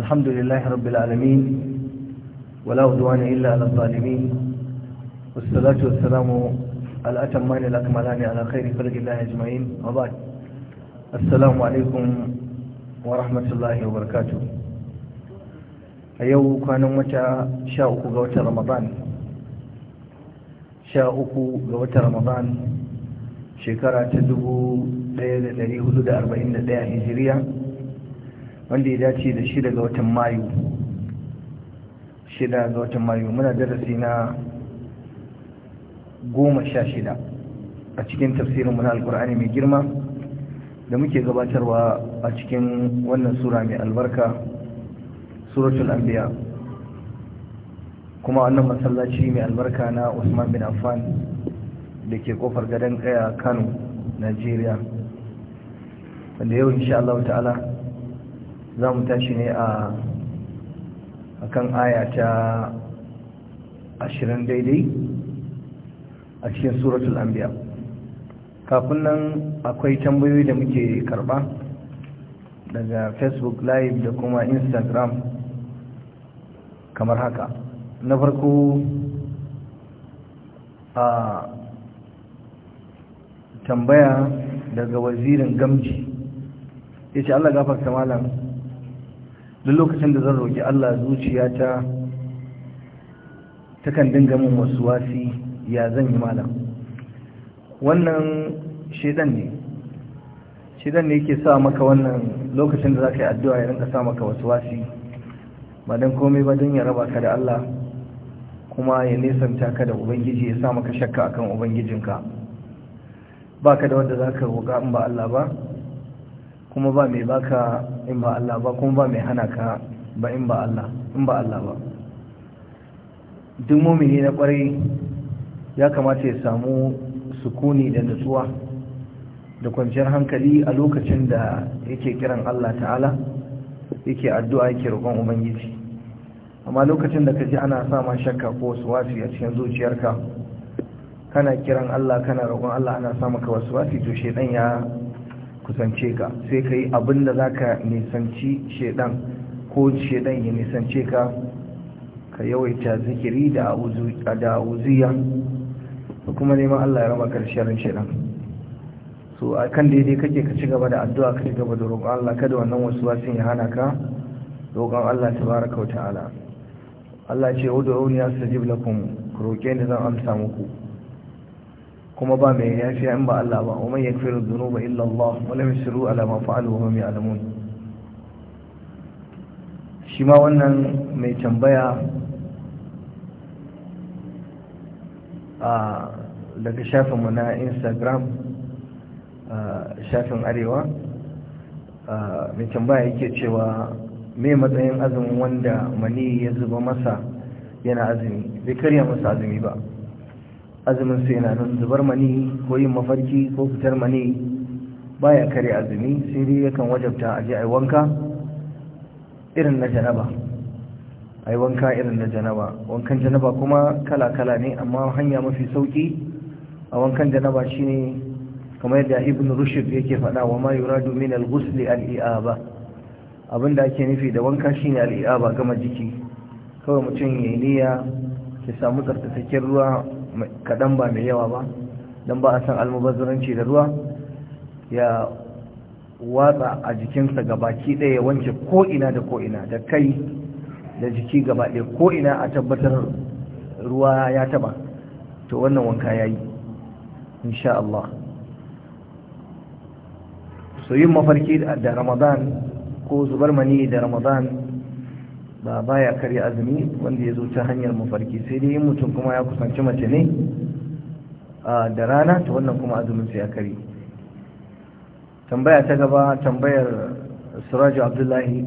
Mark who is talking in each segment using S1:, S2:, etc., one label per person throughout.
S1: الحمد لله رب العالمين ولا عدوان إلا على الظالمين والصلاة والسلام الأتمان الأكملان على خير خلق الله أجمعين وبعد السلام عليكم ورحمة الله وبركاته أيو كان متى شاء قوة رمضان sha uku ga watan ramadan shekara ta dubu ɗaya da ɗari hudu da arba'in da ɗaya hijiriya wanda ya dace da shida ga watan mayu shida ga watan mayu muna darasi na goma sha shida a cikin tafsirin muna alkur'ani mai girma da muke gabatarwa a cikin wannan sura mai albarka suratul anbiya kuma wannan masallaci mai albarka na usman bin affan da ke kofar gadon kaya kano nigeria wanda yau insha Allah ta'ala za mu tashi ne a kan aya ta ashirin daidai a cikin suratul anbiya kafin nan akwai tambayoyi da muke karba daga facebook live da kuma instagram kamar haka na farko a tambaya daga wazirin gamji ya ce allah gafarta malam duk lokacin da zan roƙi Allah zuciyata kan dinga min wasi ya zan yi malam wannan shaidan ne Shaidan ne yake sa maka wannan lokacin da za ka yi addu'a ya rinka sa maka wasu wasi ba don komai ba don ya raba ka da Allah kuma ya nesanta ka da ubangiji ya sa maka shakka akan ubangijinka ba ka da wanda za ka roƙa in ba Allah ba kuma ba mai baka in ba Allah ba kuma ba mai hana ka ba in ba Allah in ba Allah ba duk mumini na kwarai ya kamata ya samu sukuni da nutsuwa da kwanciyar hankali a lokacin da yake kiran Allah ta'ala yake addu'a yake roƙon ubangiji amma lokacin da kaji ana sama shakka ko wasu wasi a cikin zuciyarka kana kiran Allah kana roƙon Allah ana sa maka wasu wasi to shedan ya kusance ka sai ka yi abin da za ka nisanci shaidan ko shaidan ya nisance ka ka yawaita zikiri da wuziya da kuma neman Allah ya raba karshen shaidan so a kan daidai kake ka ci gaba da addu'a ka ci gaba da roƙon Allah kada wannan wasu wasin ya hana ka roƙon Allah bara kauta ta'ala Allah ce ud'uni astajib lakum roƙe ni zan amsa muku kuma ba mai yafiya in ba Allah ba wa man yaghfiru dhunuba illa Allah wa lam yusru ala ma fa'alu wa hum ya'lamun shi ma wannan mai tambaya a daga shafinmu na instagram shafin arewa mai tambaya yake cewa me matsayin azumin wanda mani ya zuba masa yana azumi bai karya masa azumi ba azumin sai na nan zubar mani ko yin mafarki ko fitar mani baya kare azumi sai dai yakan wajabta a je yi wanka irin na janaba yi wanka irin na janaba wankan janaba kuma kala-kala ne amma hanya mafi sauki a wankan janaba shine kamar yadda ibn rushd yake faɗa wa mayu radu min al gusli al-i'aba abinda ake nufi da wanka shine al-i'aba gama jiki kawai mutum ya yi niyya ya samu tsaftataccen ruwa kaɗan ba mai yawa ba don ba a san almubazzaranci da ruwa ya watsa a jikinsa gabaki ɗaya wanke ko'ina da ina da kai da jiki gaba ko ko'ina a tabbatar ruwa ya taba to wannan wanka ya yi insha Allah so yin mafarki da ramadan ko zubar mani da ramadan ba baya karya azumi wanda ya zo ta hanyar mafarki sai dai mutum kuma ya kusanci mace ne da rana ta wannan kuma azumin sai ya kare tambaya ta gaba tambayar suraju abdullahi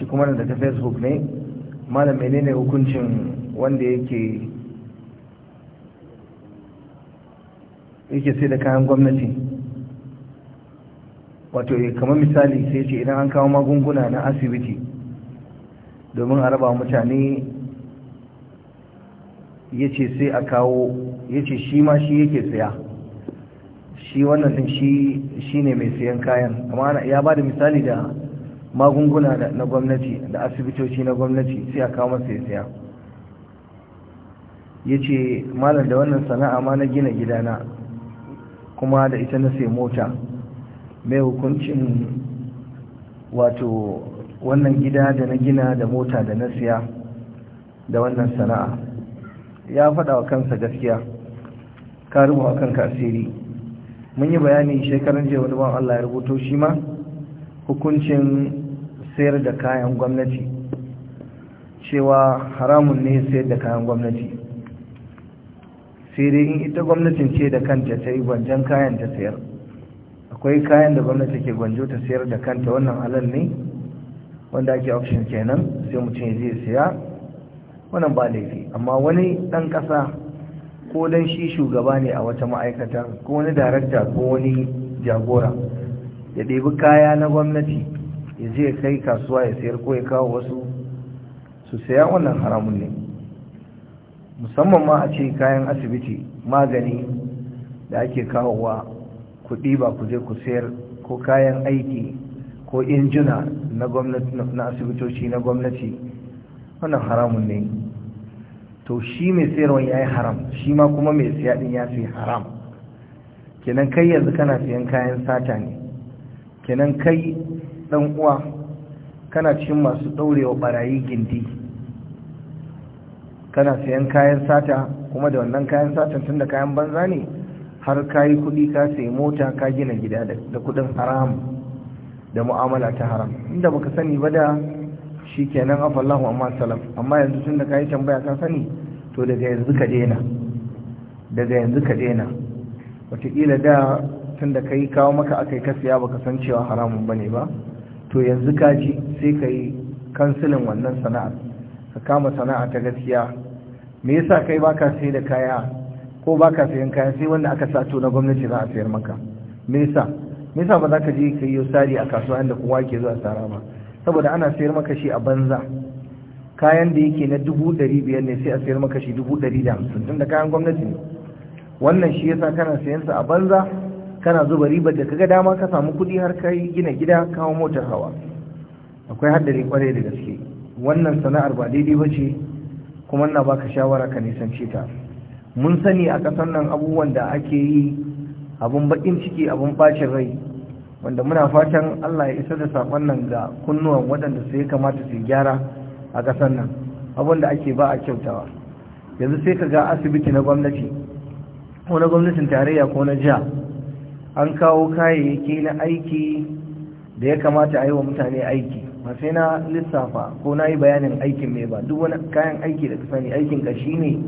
S1: shi kuma da ta facebook ne malam menene hukuncin wanda yake yake sai da kayan gwamnati wato eh, kamar misali sai ce idan an kawo magunguna na asibiti domin a raba mutane ya ce sai a kawo ya ce shi ma shi yake saya shi wannan din shi ne mai sayan kayan amma ya ba da misali da magunguna na gwamnati da asibitoci na gwamnati sai a kawo masa ya saya ya ce malar da wannan sana'a ma na gina gidana kuma da ita na sai mota mai hukuncin wato wannan gida da na gina da mota da na siya da wannan sana'a ya faɗa wa kansa gaskiya ka rubuwa kanka asiri mun yi bayani shekaran jiya wani ban Allah ya rubuto shi ma hukuncin sayar da kayan gwamnati cewa haramun ne sayar da kayan gwamnati sai dai in ita gwamnatin ce da kanta ta yi gwanjan kayan ta sayar akwai kayan da gwamnati ke gwanjo ta sayar da kanta wannan halal ne wanda ake auction kenan sai mutum ya zai siya wannan ba laifi amma wani ɗan ƙasa ko dan shi shugaba ne a wata ma'aikata ko wani darakta ko wani jagora ya ɗebi kaya na gwamnati ya je kai kasuwa ya sayar ko ya kawo wasu su saya wannan haramun ne musamman ma a ce kayan asibiti magani da ake kawowa kuɗi ba ku je ku sayar ko kayan aiki ko injina na gwamnati na asibitoci na gwamnati wannan haramun ne to shi mai sayarwa ya yi haram shi ma kuma mai siya din ya fi haram kenan kai yanzu kana siyan kayan sata ne kenan kai dan uwa kana cikin masu daurewa barayi gindi kana siyan kayan sata kuma da wannan kayan satan da kayan banza ne har kayi kudi ka sayi mota ka gina gida da kudin haram da mu'amala ta haram inda baka sani ba da shi a afallahu amma salam amma yanzu tun ka yi tambaya ka sani to daga yanzu ka daina daga yanzu ka daina wataƙila da tun ka kai kawo maka akai ka siya ka san cewa haramun ba ne ba to yanzu ka ji sai ka yi kansilin wannan sana'ar ka kama sana'a ta gaskiya me yasa kai baka sai da kaya ko baka sayan kaya sai wanda aka sato na gwamnati za a sayar maka me yasa me yasa ba za ka je ka yi sari a kasuwa inda kowa ke zuwa sara ba saboda ana sayar maka shi a banza kayan da yake na dubu ɗari biyar ne sai a sayar maka shi dubu ɗari da hamsin tunda kayan gwamnati ne wannan shi yasa kana sayan sa a banza kana zuba ribar da kaga dama ka samu kuɗi har ka yi gina gida kawo motar hawa akwai haddari kwarai da gaske wannan sana'ar ba daidai ba ce kuma na baka shawara ka nisance ta mun sani a ƙasar nan abubuwan da ake yi abun bakin ciki abun bacin rai wanda muna fatan Allah ya isa da sakon nan ga kunnuwan waɗanda su ya kamata su gyara a ƙasar nan abin da ake ba a kyautawa yanzu sai ka ga asibiti na gwamnati ko na gwamnatin tarayya ko na jiha an kawo kayayyaki na aiki da ya kamata a yi wa mutane aiki ba sai na lissafa ko na yi bayanin aikin mai ba duk wani kayan aiki da ka sani aikin ka shine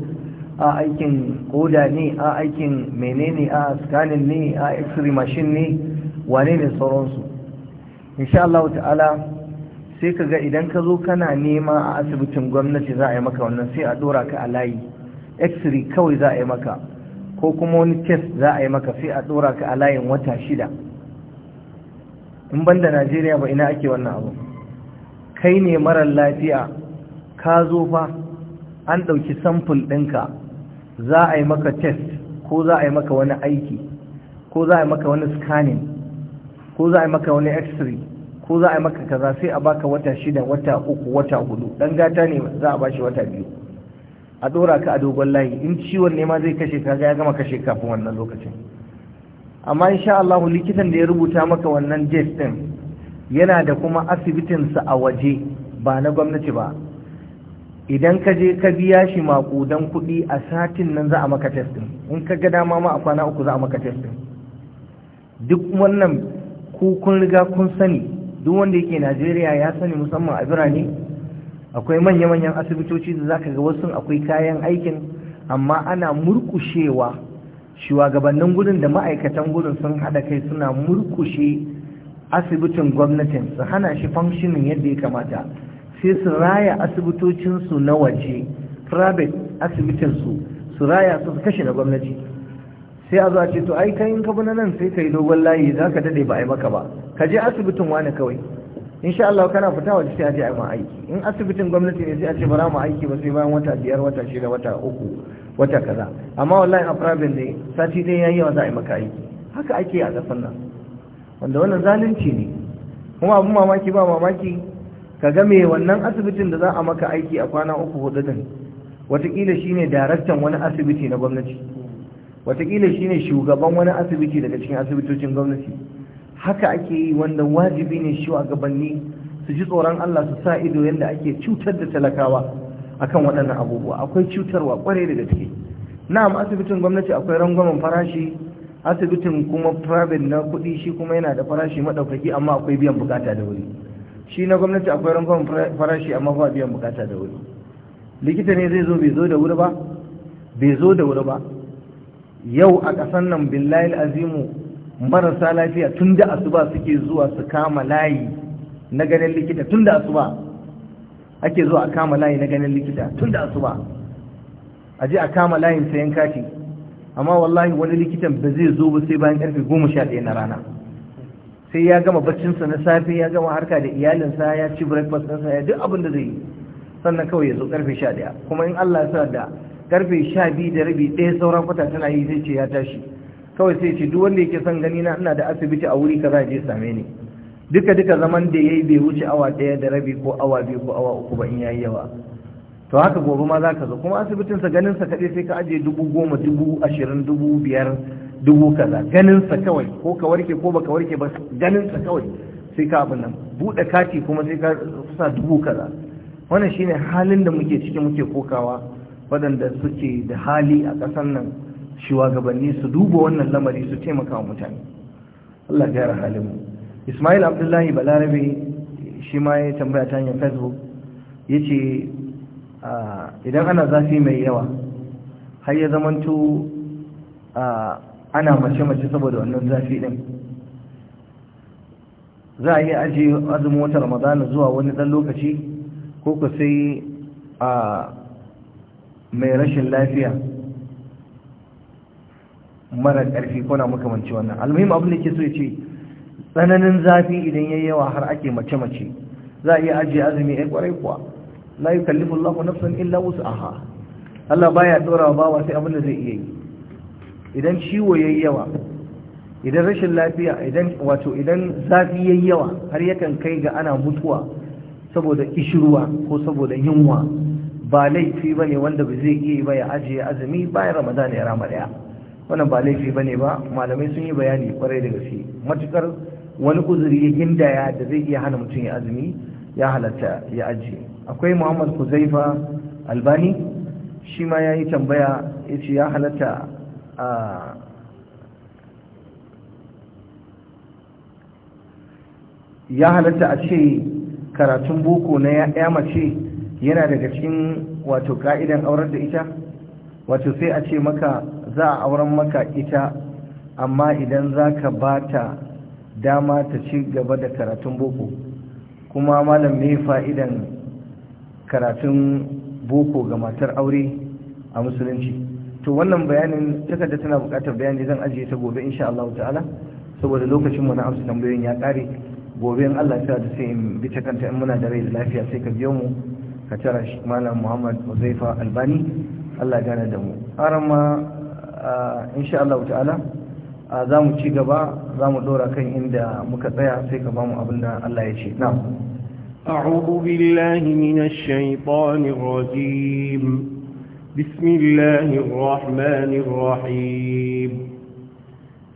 S1: a aikin koda ne a aikin menene a scanning ne a x-ray machine ne wane ne sauransu insha Allah ta'ala sai ka ga idan ka zo kana nema a asibitin gwamnati za a yi maka wannan sai a dora ka a layi x-ray kawai za a yi maka ko kuma wani test za a yi maka sai a dora ka a layin wata shida in banda najeriya ba ina ake wannan abu kai ne marar lafiya ka zo fa an ɗauki samfur ɗinka za a yi maka test ko za a yi maka wani aiki ko za a yi maka wani scanning ko za a yi maka wani x-ray ko za a yi maka kaza sai a baka wata shida wata uku wata hudu dan gata ne za a bashi wata biyu a dora ka a dogon layi in ciwon ne ma zai kashe ka ga ya gama kashe kafin wannan lokacin amma insha Allah likitan da ya rubuta maka wannan test din yana da kuma asibitinsa a waje ba na gwamnati ba idan ka je ka biya shi maƙudan kuɗi a satin nan za a maka testin in ka ga dama ma a kwana uku za a maka testin duk wannan kukun riga kun sani duk wanda yake najeriya ya sani musamman a birane akwai manya-manyan asibitoci da za ka ga wasu akwai kayan aikin amma ana murkushewa shugabannin gudun da ma'aikatan gudun sun haɗa kai suna murkushe asibitin gwamnatin su hana shi functioning yadda ya kamata sai su raya asibitocinsu na waje private asibitinsu su raya su kashe na gwamnati sai a zuwa ce to ai kayan kabu na nan sai ka yi dogon layi za ka daɗe ba a yi maka ba ka je asibitin wani kawai sha Allah kana fita waje sai a je a yi ma aiki in asibitin gwamnati ne sai a ce ba mu aiki ba sai bayan wata biyar wata shida wata uku wata kaza amma wallahi a private ne sati ɗaya yi wa za a yi maka aiki haka ake a ƙasar nan wanda wannan zalunci ne kuma abin mamaki ba mamaki ka ga me wannan asibitin da za a maka aiki a kwana uku hudu din watakila shine daraktan wani asibiti na gwamnati watakila shine shugaban wani asibiti daga cikin asibitocin gwamnati haka ake yi wanda wajibi ne shugabanni su ji tsoron Allah su sa ido yadda ake cutar da talakawa akan waɗannan abubuwa akwai cutarwa kware da gaske na'am asibitin gwamnati akwai rangwamen farashi asibitin kuma private na kuɗi shi kuma yana da farashi maɗaukaki amma akwai biyan bukata da wuri shi na gwamnati akwai rangon farashi amma ba biyan bukata da wuri likita ne zai zo bai zo da wuri ba bai zo da wuri ba yau a ƙasan nan billahi azimu marasa lafiya tun da asuba suke zuwa su kama layi na ganin likita tun da asuba ake zuwa a kama layi na ganin likita tun da asuba a je a kama layin sayan kati amma wallahi wani likitan ba zai zo ba sai bayan karfe goma sha ɗaya na rana sai ya gama baccinsa na safe ya gama harka da iyalinsa ya ci breakfast ɗinsa ya duk abin da zai yi sannan kawai ya zo karfe sha ɗaya kuma in Allah ya sa da karfe sha biyu da rabi ɗaya sauran kwata tana yi zai ce ya tashi kawai sai ce duk wanda yake son gani na ina da asibiti a wuri kaza je same ni duka duka zaman da yayi bai wuce awa ɗaya da rabi ko awa biyu ko awa uku ba in yayi yawa to haka gobe ma za ka zo kuma asibitin sa ganin sa kaɗai sai ka ajiye dubu goma dubu ashirin dubu biyar dubu kaza ganin kawai ko ka warke ko baka warke ba ganinsa kawai sai ka abin nan buɗe kati kuma sai ka sa dubu kaza wannan shine halin da muke ciki muke kokawa waɗanda suke da hali a ƙasar nan shugabanni su duba wannan lamari su taimaka wa mutane Allah ya gyara halin mu Ismail Abdullahi Balarabe shi ma ya tambaya ta hanyar Facebook yace ah, idan ana zafi mai yawa har ya zamanto a ah, ana mace-mace saboda wannan zafi din za a yi ajiye azumin wata ramadana zuwa wani dan lokaci ko ku sai a mai rashin lafiya mara ƙarfi ko na makamanci wannan almuhim abin da ke so ya ce tsananin zafi idan ya yawa har ake mace-mace za a iya ajiye azumi ya eh, kwarai kuwa la yukallifu Allahu nafsan illa wus'aha Allah baya dora bawa sai abin da zai iya yi idan ciwo yayi yawa idan rashin lafiya idan wato idan zafi yayi yawa har yakan kai ga ana mutuwa saboda ishiruwa ko saboda yunwa ba laifi bane wanda ba zai iya ba ya ajiye azumi bayan ramadana ya rama daya wannan ba laifi bane ba malamai sun yi bayani kwarai da gaske matukar wani uzuri ya gindaya da zai iya hana mutum ya azumi ya halatta ya ajiye akwai Muhammad Kuzaifa Albani shi ma yi tambaya yace ya halatta ya halatta a ce karatun boko na ya mace yana daga cikin wato ka'idan aurar da ita wato sai a ce maka za a auren maka ita amma idan za ka ba ta dama ta ci gaba da karatun boko kuma malam ne fa'idan karatun boko ga matar aure a musulunci to wannan bayanin takarda tana buƙatar bayani zan ajiye ta gobe insha Allah ta'ala saboda lokacin mu na amsa tambayoyin ya ƙare gobe in Allah ya da sai in bi ta kanta in muna da rai da lafiya sai ka biyo mu ka tara shi malam Muhammad Uzaifa Albani Allah ya gane da mu arama insha Allah ta'ala za mu ci gaba za mu dora kan inda muka tsaya sai ka ba mu abin da Allah ya ce na'am
S2: أعوذ بالله من الشيطان الرجيم بسم الله الرحمن الرحيم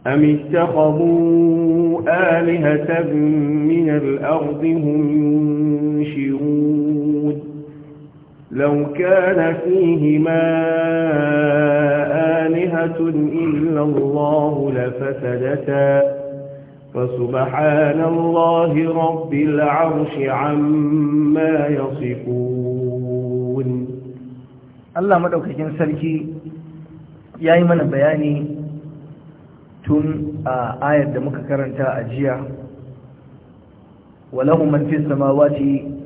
S2: أم اتخذوا آلهة من الأرض هم ينشرون لو كان فيهما آلهة إلا الله لفسدتا فسبحان الله رب العرش عما يصفون Allah
S1: maɗaukakin sarki ya yi mana bayani tun a ayar da muka karanta a jiya walahu man fi samawati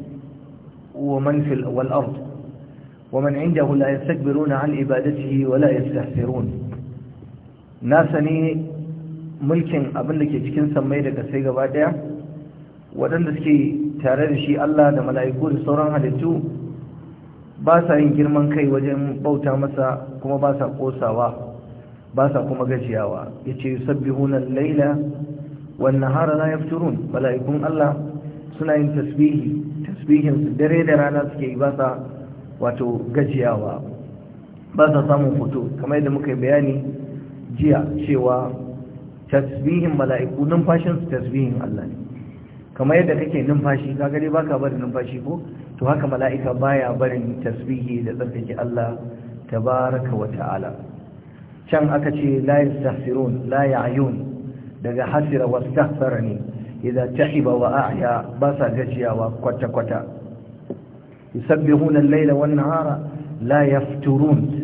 S1: wa man fil ard wa man indahu la yastakbiruna an ibadatihi wa la yastahsirun nasa ne mulkin abin da ke cikin sammai daga sai gaba ɗaya. waɗanda suke tare da shi Allah da mala'iku da sauran halittu ba sa yin girman kai wajen bauta masa kuma ba sa kosawa ba sa kuma gajiyawa ya ce sabbi hunan laila hara na yafi turun? bala'ikun Allah suna yin tasbihi tasbihin su dare da rana suke yi ba sa wato gajiyawa ba sa samun fito kamar yadda muka yi bayani jiya cewa tasbihin bala'iku numfashin su tasbihin Allah ne kamar yadda kake numfashi ka gani baka barin numfashi ko to haka mala'ika baya barin tasbihi da tsarkake Allah tabaraka wa ta'ala can aka ce la yastahsirun la ya'yun daga hasira wastahsara ne idan tahiba wa a'ya ba sa gajiyawa kwata kwata yusabbihuna al-layla wan-nahara la yafturun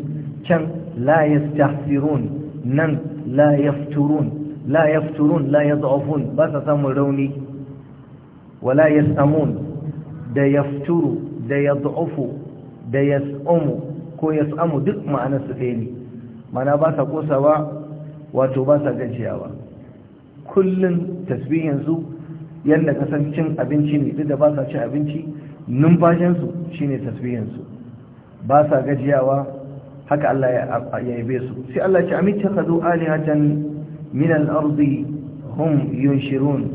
S1: can la yastahsirun nan la yafturun la yafturun la yad'afun ba sa samun rauni wala yasamun da yafturu da yad'ufu da yas'umu ko yas'amu duk ma'anar su ɗaya ne mana ba sa ba wato ba sa gajiyawa kullum tasbihin su yanda kasancin abinci ne duk da ba sa ci abinci numfashinsu shi shine tasbihin ba sa gajiyawa haka Allah ya yabe su sai Allah ya ce amitta khadu alihatan min al-ardi hum yunshirun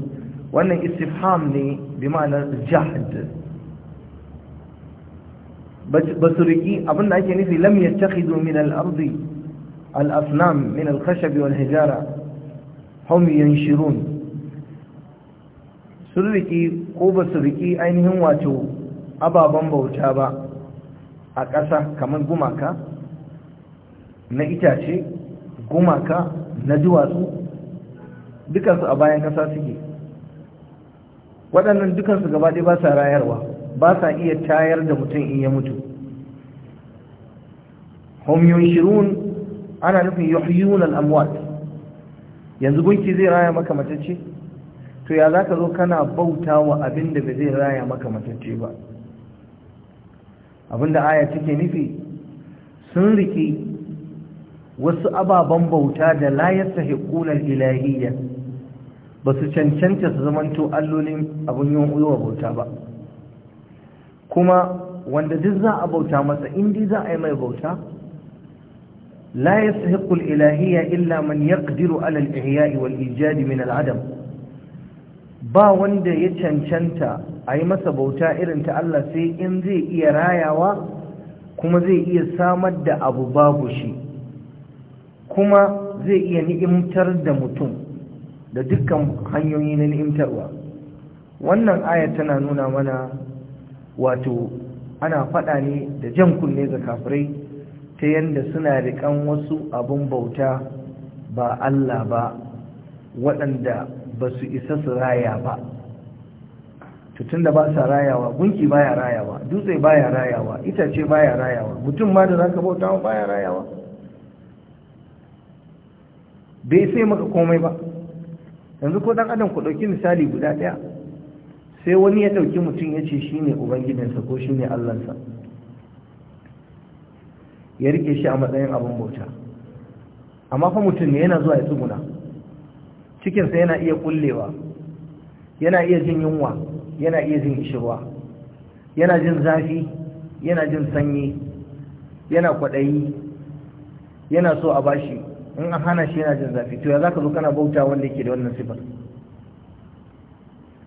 S1: wannan istifham ne bi ma'anar jahd ba su riƙi abinda ake nufi lam yattakhidu min al-ardi min al wal hijara hum yanshirun sun riƙi ko ba su riƙi ainihin wato ababen bauta ba a ƙasa kamar gumaka na itace gumaka na duwatsu dukansu a bayan ƙasa suke waɗannan dukansu gaba ɗaya ba sa rayarwa ba sa iya tayar da mutum in ya mutu hum yunshirun ana nufin yuhyuna al-amwat yanzu gunki zai raya maka matacce to ya zaka zo kana bauta wa abin da zai raya maka matacce ba abinda aya take nufi sun riki wasu ababen bauta da la yastahiquna ilahiyya ba su cancanta su zamanto allolin abin yin wa bauta ba kuma wanda duk za a bauta masa indi za a yi mai bauta la yastahiqu al-ilahiyya illa man yaqdiru alal al-ihya'i wal ijadi min al'adam. adam ba wanda ya cancanta a yi masa bauta irin ta Allah sai in zai iya rayawa kuma zai iya samar da abu babu shi kuma zai iya ni'imtar da mutum da dukkan hanyoyi na ni'imtarwa wannan ayar tana nuna mana wato ana faɗa ne da jan kunne ga kafirai ta yadda suna riƙan wasu abin bauta ba Allah ba waɗanda ba su isa su raya ba tutun da ba sa rayawa gunki baya rayawa dutse baya rayawa itace baya rayawa mutum ma da za ka bauta baya rayawa bai sai maka komai ba yanzu ko dan adam ku ɗauki misali guda ɗaya sai wani ya ɗauki mutum ya ce shi ne ubangijinsa ko shi ne allansa ya rike shi a matsayin abin bauta amma fa mutum ne yana zuwa ya tsuguna cikinsa yana iya kullewa yana iya jin yunwa yana iya jin ishirwa yana jin zafi yana jin sanyi yana kwaɗayi yana so a bashi in a hana shi yana jin zafi to ya zaka zo kana bauta wanda yake da wannan sifar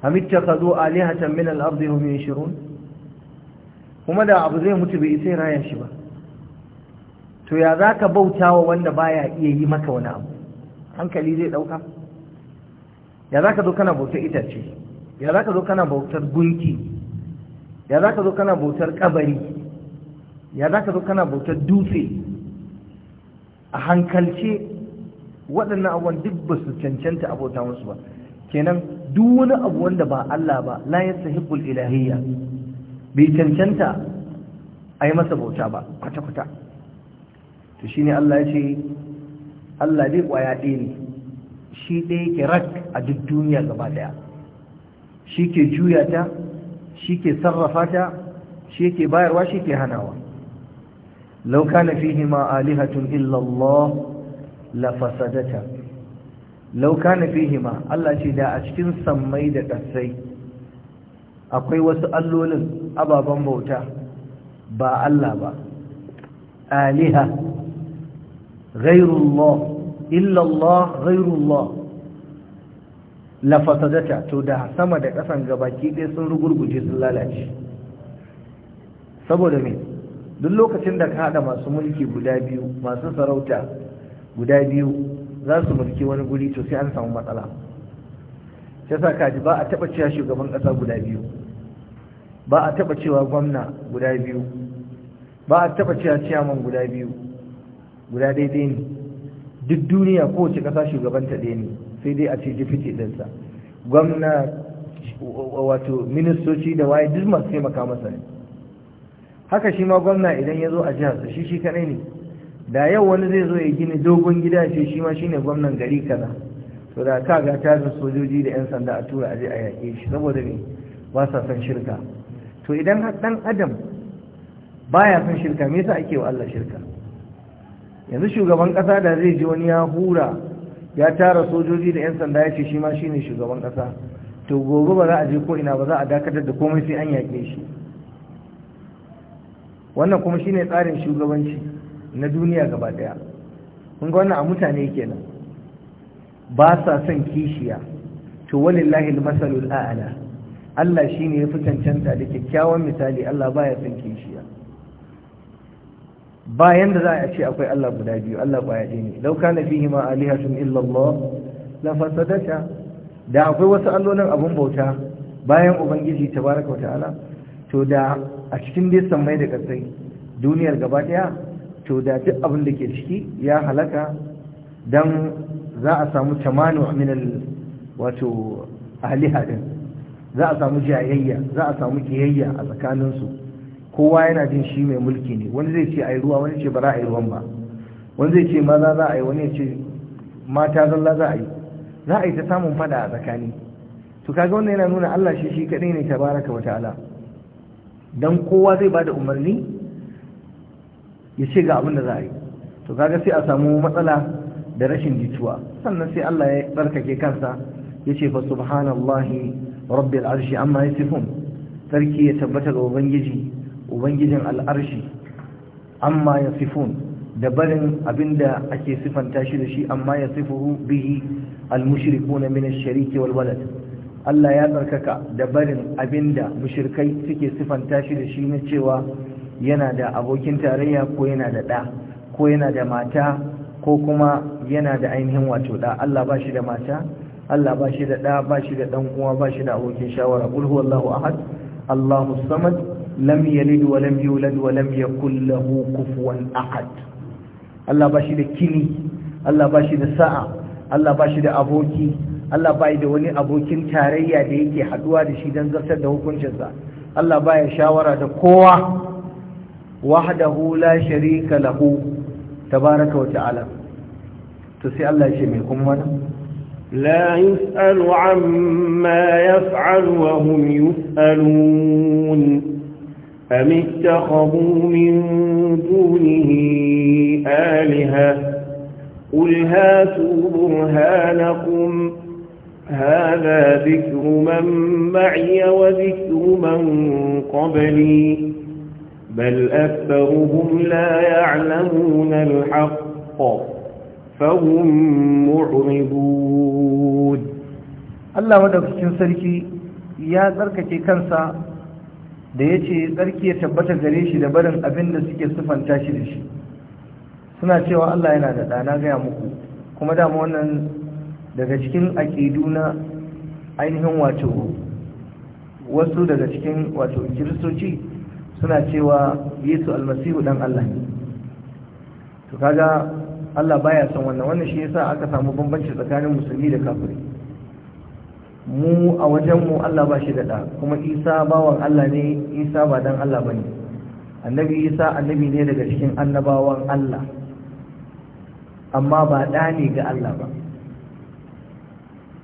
S1: hamid takhadhu alihatan min al-ard hum yashurun kuma da abu zai mutu bai sai rayan shi ba to ya zaka bautawa wanda baya iya yi maka wani abu hankali zai dauka ya zaka zo kana bautar itace ya zaka zo kana bautar gunki ya zaka zo kana bautar kabari ya zaka zo kana bautar dutse a hankalce waɗannan abubuwan duk ba su cancanta abota musu ba kenan duk wani abu wanda ba Allah ba la yastahibbul ilahiyya bai cancanta a yi masa bauta ba kwata-kwata to shine Allah ya ce Allah dai kwaya ɗaya ne shi ɗaya ke rak a duk duniya gaba ɗaya shi ke juya ta shi ke sarrafa ta shi ke bayarwa shi ke hanawa لو كان فيهما الهه الا الله لفسدتا لو كان فيهما الله شي ده اشكين سمي ده قصي akwai wasu allolin ababan bauta ba Allah ba aliha ghairullah illa Allah ghairullah la fasadata to da sama da ƙasan gabaki dai sun rugurguje sun lalace saboda me duk lokacin da ka haɗa masu mulki guda biyu masu sarauta guda biyu za su mulki wani guri to sai an samu matsala sai sa kaji ba a taɓa cewa shugaban ƙasa guda biyu ba a taɓa cewa gwamna guda biyu ba a taɓa cewa ciyaman guda biyu guda daidai ne duk duniya kowace ƙasa shugabanta ɗaya ne sai dai a ce fice ɗinsa gwamna wato ministoci da waye duk masu taimaka masa ne haka shi ma gwamna idan ya zo a su shi shi kadai ne da yau wani zai zo ya gini dogon gida ce shi ma shi ne gwamnan gari kaza to da ka ga tarin sojoji da 'yan sanda a tura a je a yaƙe shi saboda ne ba sa son shirka to idan har ɗan adam baya son shirka me yasa ake wa Allah shirka yanzu shugaban ƙasa da zai ji wani ya hura ya tara sojoji da 'yan sanda ya ce shi ma ne shugaban ƙasa to gobe ba za a je ko ina ba za a dakatar da komai sai an yaƙe shi wannan kuma shine tsarin shugabanci na duniya gaba daya kun ga wannan a mutane kenan ba sa son kishiya to walillahi almasalul a'la Allah shine ya fi cancanta da kyakkyawan misali Allah baya son kishiya Ba yanda za a ce akwai Allah guda biyu Allah baya ɗaya law kana fihi ma alihatun illa Allah la fasadata da akwai wasu allolin abun bauta bayan ubangiji tabaraka wa ta'ala to da a cikin dai mai da kasai duniyar gaba daya to da duk abin da ke ciki ya halaka don za a samu tamanu aminal wato aliha din za a samu jayayya za a samu kiyayya a tsakaninsu kowa yana jin shi mai mulki ne wani zai ce a yi ruwa wani ce ba za a yi ruwan ba wani zai ce maza za a yi wani ya ce mata zalla za a yi za a yi ta samun fada a tsakani to kaga wannan yana nuna Allah shi shi kadai ne tabaraka wa ta'ala don kowa zai ba da umarni ya ce ga abin da za a yi to kaga sai a samu matsala da rashin jituwa sannan sai Allah ya barkake kansa ya ce fa subhanallahi rabbil arshi amma yasifun sarki ya tabbata ga ubangiji ubangijin al'arshi amma yasifun da barin abinda ake sifanta shi da shi amma yasifuhu bihi al-mushrikuna min ash-shariki wal walad Allah ya tsarkaka da barin abinda mushrikai suke sifanta shi da shi na cewa yana da abokin tarayya ko yana da ɗa ko yana da mata ko kuma yana da ainihin wato ɗa Allah ba shi da mata Allah ba shi da ɗa ba shi da ɗan uwa ba shi da abokin shawara qul huwallahu ahad Allahu samad lam yalid wa lam yulad wa lam yakul lahu kufuwan ahad Allah ba shi da kini Allah ba shi da sa'a Allah ba shi da aboki Allah bai da wani abokin tarayya da yake haduwa da shi don zartar da hukuncinsa Allah baya shawara da kowa wahdahu la sharika lahu tabaraka wa ta'ala to sai Allah ya ce mai kuma
S2: لا يسأل عما يفعل وهم يسألون أم اتخذوا من دونه آلهة قل هاتوا برهانكم هذا ذكر من معي وذكر من قبلي بل أكثرهم لا يعلمون الحق فهم معرضون الله ودكتور سركي يا تركتي كنسا
S1: da ya ce tsarki ya tabbata gare shi da barin abin da suke siffanta shi da shi suna cewa Allah yana da ɗana gaya muku kuma dama wannan daga cikin aƙidu na ainihin wato wasu daga cikin wato kiristoci suna cewa yesu almasihu dan Allah ne to kaga Allah baya son wannan wannan shi yasa aka samu bambanci tsakanin musulmi da kafiri mu a wajen mu Allah ba shi da da kuma Isa bawan Allah ne Isa ba dan Allah ba ne. annabi Isa annabi ne daga cikin annabawan Allah amma ba da ne ga Allah ba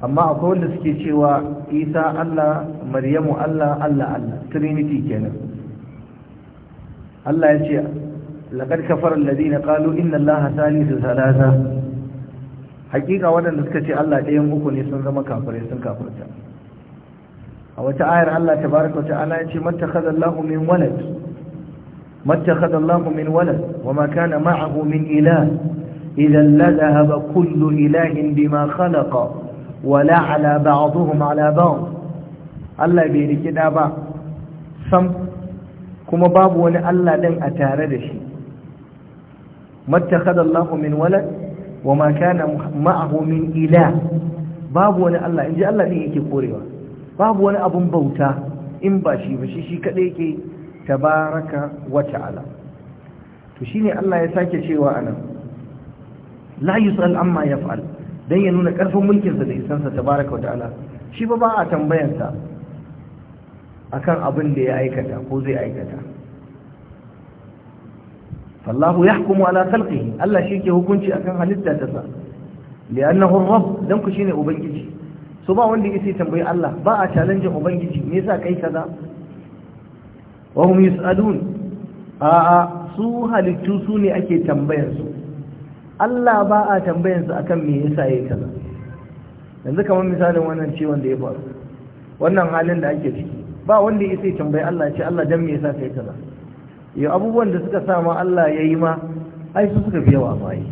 S1: amma akwai wanda suke cewa isa allah maryamu allah allah allah trinity kenan allah ya ce laƙar kafar lalazina ƙalu inna allaha salisu salasa hakika waɗanda suka ce allah ɗayan uku ne sun zama kafirai sun kafirta a wata ayar allah tabaraka ta'ala ya ce mattakhadha allahu min walad mattakhadha allahu min walad wama kana ma'ahu min ilah idan la zahaba kullu ilahin bima khalaqa wala ala ba'dhum ala ba'd Allah bai rikida ba sam kuma babu wani Allah din a tare da shi mattakhadha Allahu min walad wama kana ma'ahu min ilah babu wani Allah inji Allah ne yake korewa babu wani abun bauta in ba shi ba shi shi kadai yake tabaraka wa ta'ala to shine Allah ya sake cewa anan la yusal amma yaf'al don ya nuna ƙarfin mulkinsa da isansa ta baraka wa ta'ala shi ba ba a tambayansa akan abin da ya aikata ko zai aikata fallahu ya hukumu ala khalqihi Allah shi ke hukunci akan halitta ta sa li'annahu ar-rabb dan ku shine ubangiji so ba wanda yake tambayi Allah ba a challenge ubangiji me yasa kai kaza wa hum yus'alun a su halittu su ne ake tambayar su Allah ba a tambayansa akan me yasa yi kaza yanzu kamar misalin wannan ciwon da ya faru wannan halin da ake ciki ba wanda ya sai tambayi Allah ce Allah dan me yasa kai kaza ya abubuwan da suka sa ma Allah yayi ma ai su suka fi yawa mai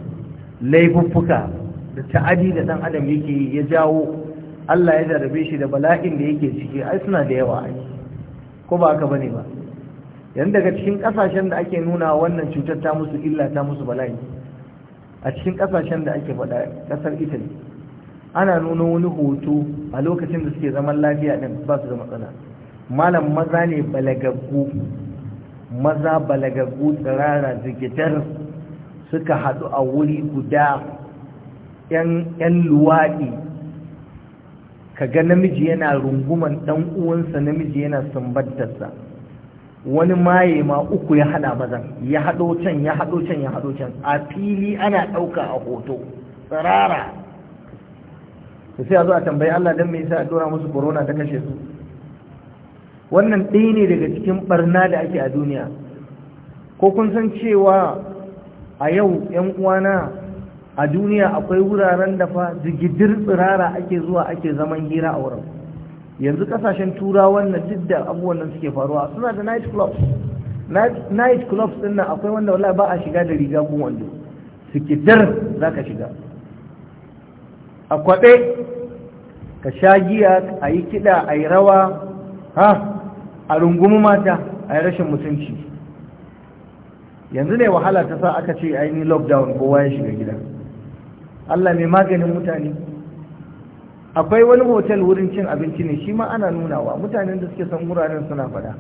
S1: laifuffuka da ta'adi da dan adam yake ya jawo Allah ya jarabe shi da bala'in da yake ciki ai suna da yawa ai ko ba haka bane ba yanda daga cikin kasashen da ake nuna wannan cutar ta musu illa ta musu bala'i a cikin kasashen da ake faɗa ƙasar italy ana nuna wani hoto a lokacin da suke zaman lafiya ɗin ba su da matsala malam maza ne balagaggu maza balagaggu tsirara zikitar suka haɗu a wuri guda ‘yan luwaɗi ka ga namiji yana runguman ɗan uwansa namiji yana sumbantarsa wani maye ma uku ya hada mazan ya hado can ya hado can ya hado can a fili ana ɗauka a hoto tsirara su sai a zo a tambayi Allah don me sa a dora musu corona ta kashe su wannan ɗaya ne daga cikin barna da ake a duniya ko kun san cewa a yau yan uwana a duniya akwai wuraren da fa zigidir tsirara ake zuwa ake zaman hira a wurin yanzu kasashen turawan na duk da abubuwan nan suke faruwa suna da night clubs night clubs din nan akwai wanda wallahi ba a shiga da riga ko wando suke dar za ka shiga a kwaɗe ka sha giya a yi kiɗa a yi rawa ha a rungumi mata a yi rashin mutunci yanzu ne wahala ta sa aka ce ainihin lockdown kowa ya shiga gida Allah mai maganin mutane akwai wani hotel wurin cin abinci ne shi ma ana nunawa mutanen da suke son wuraren suna fada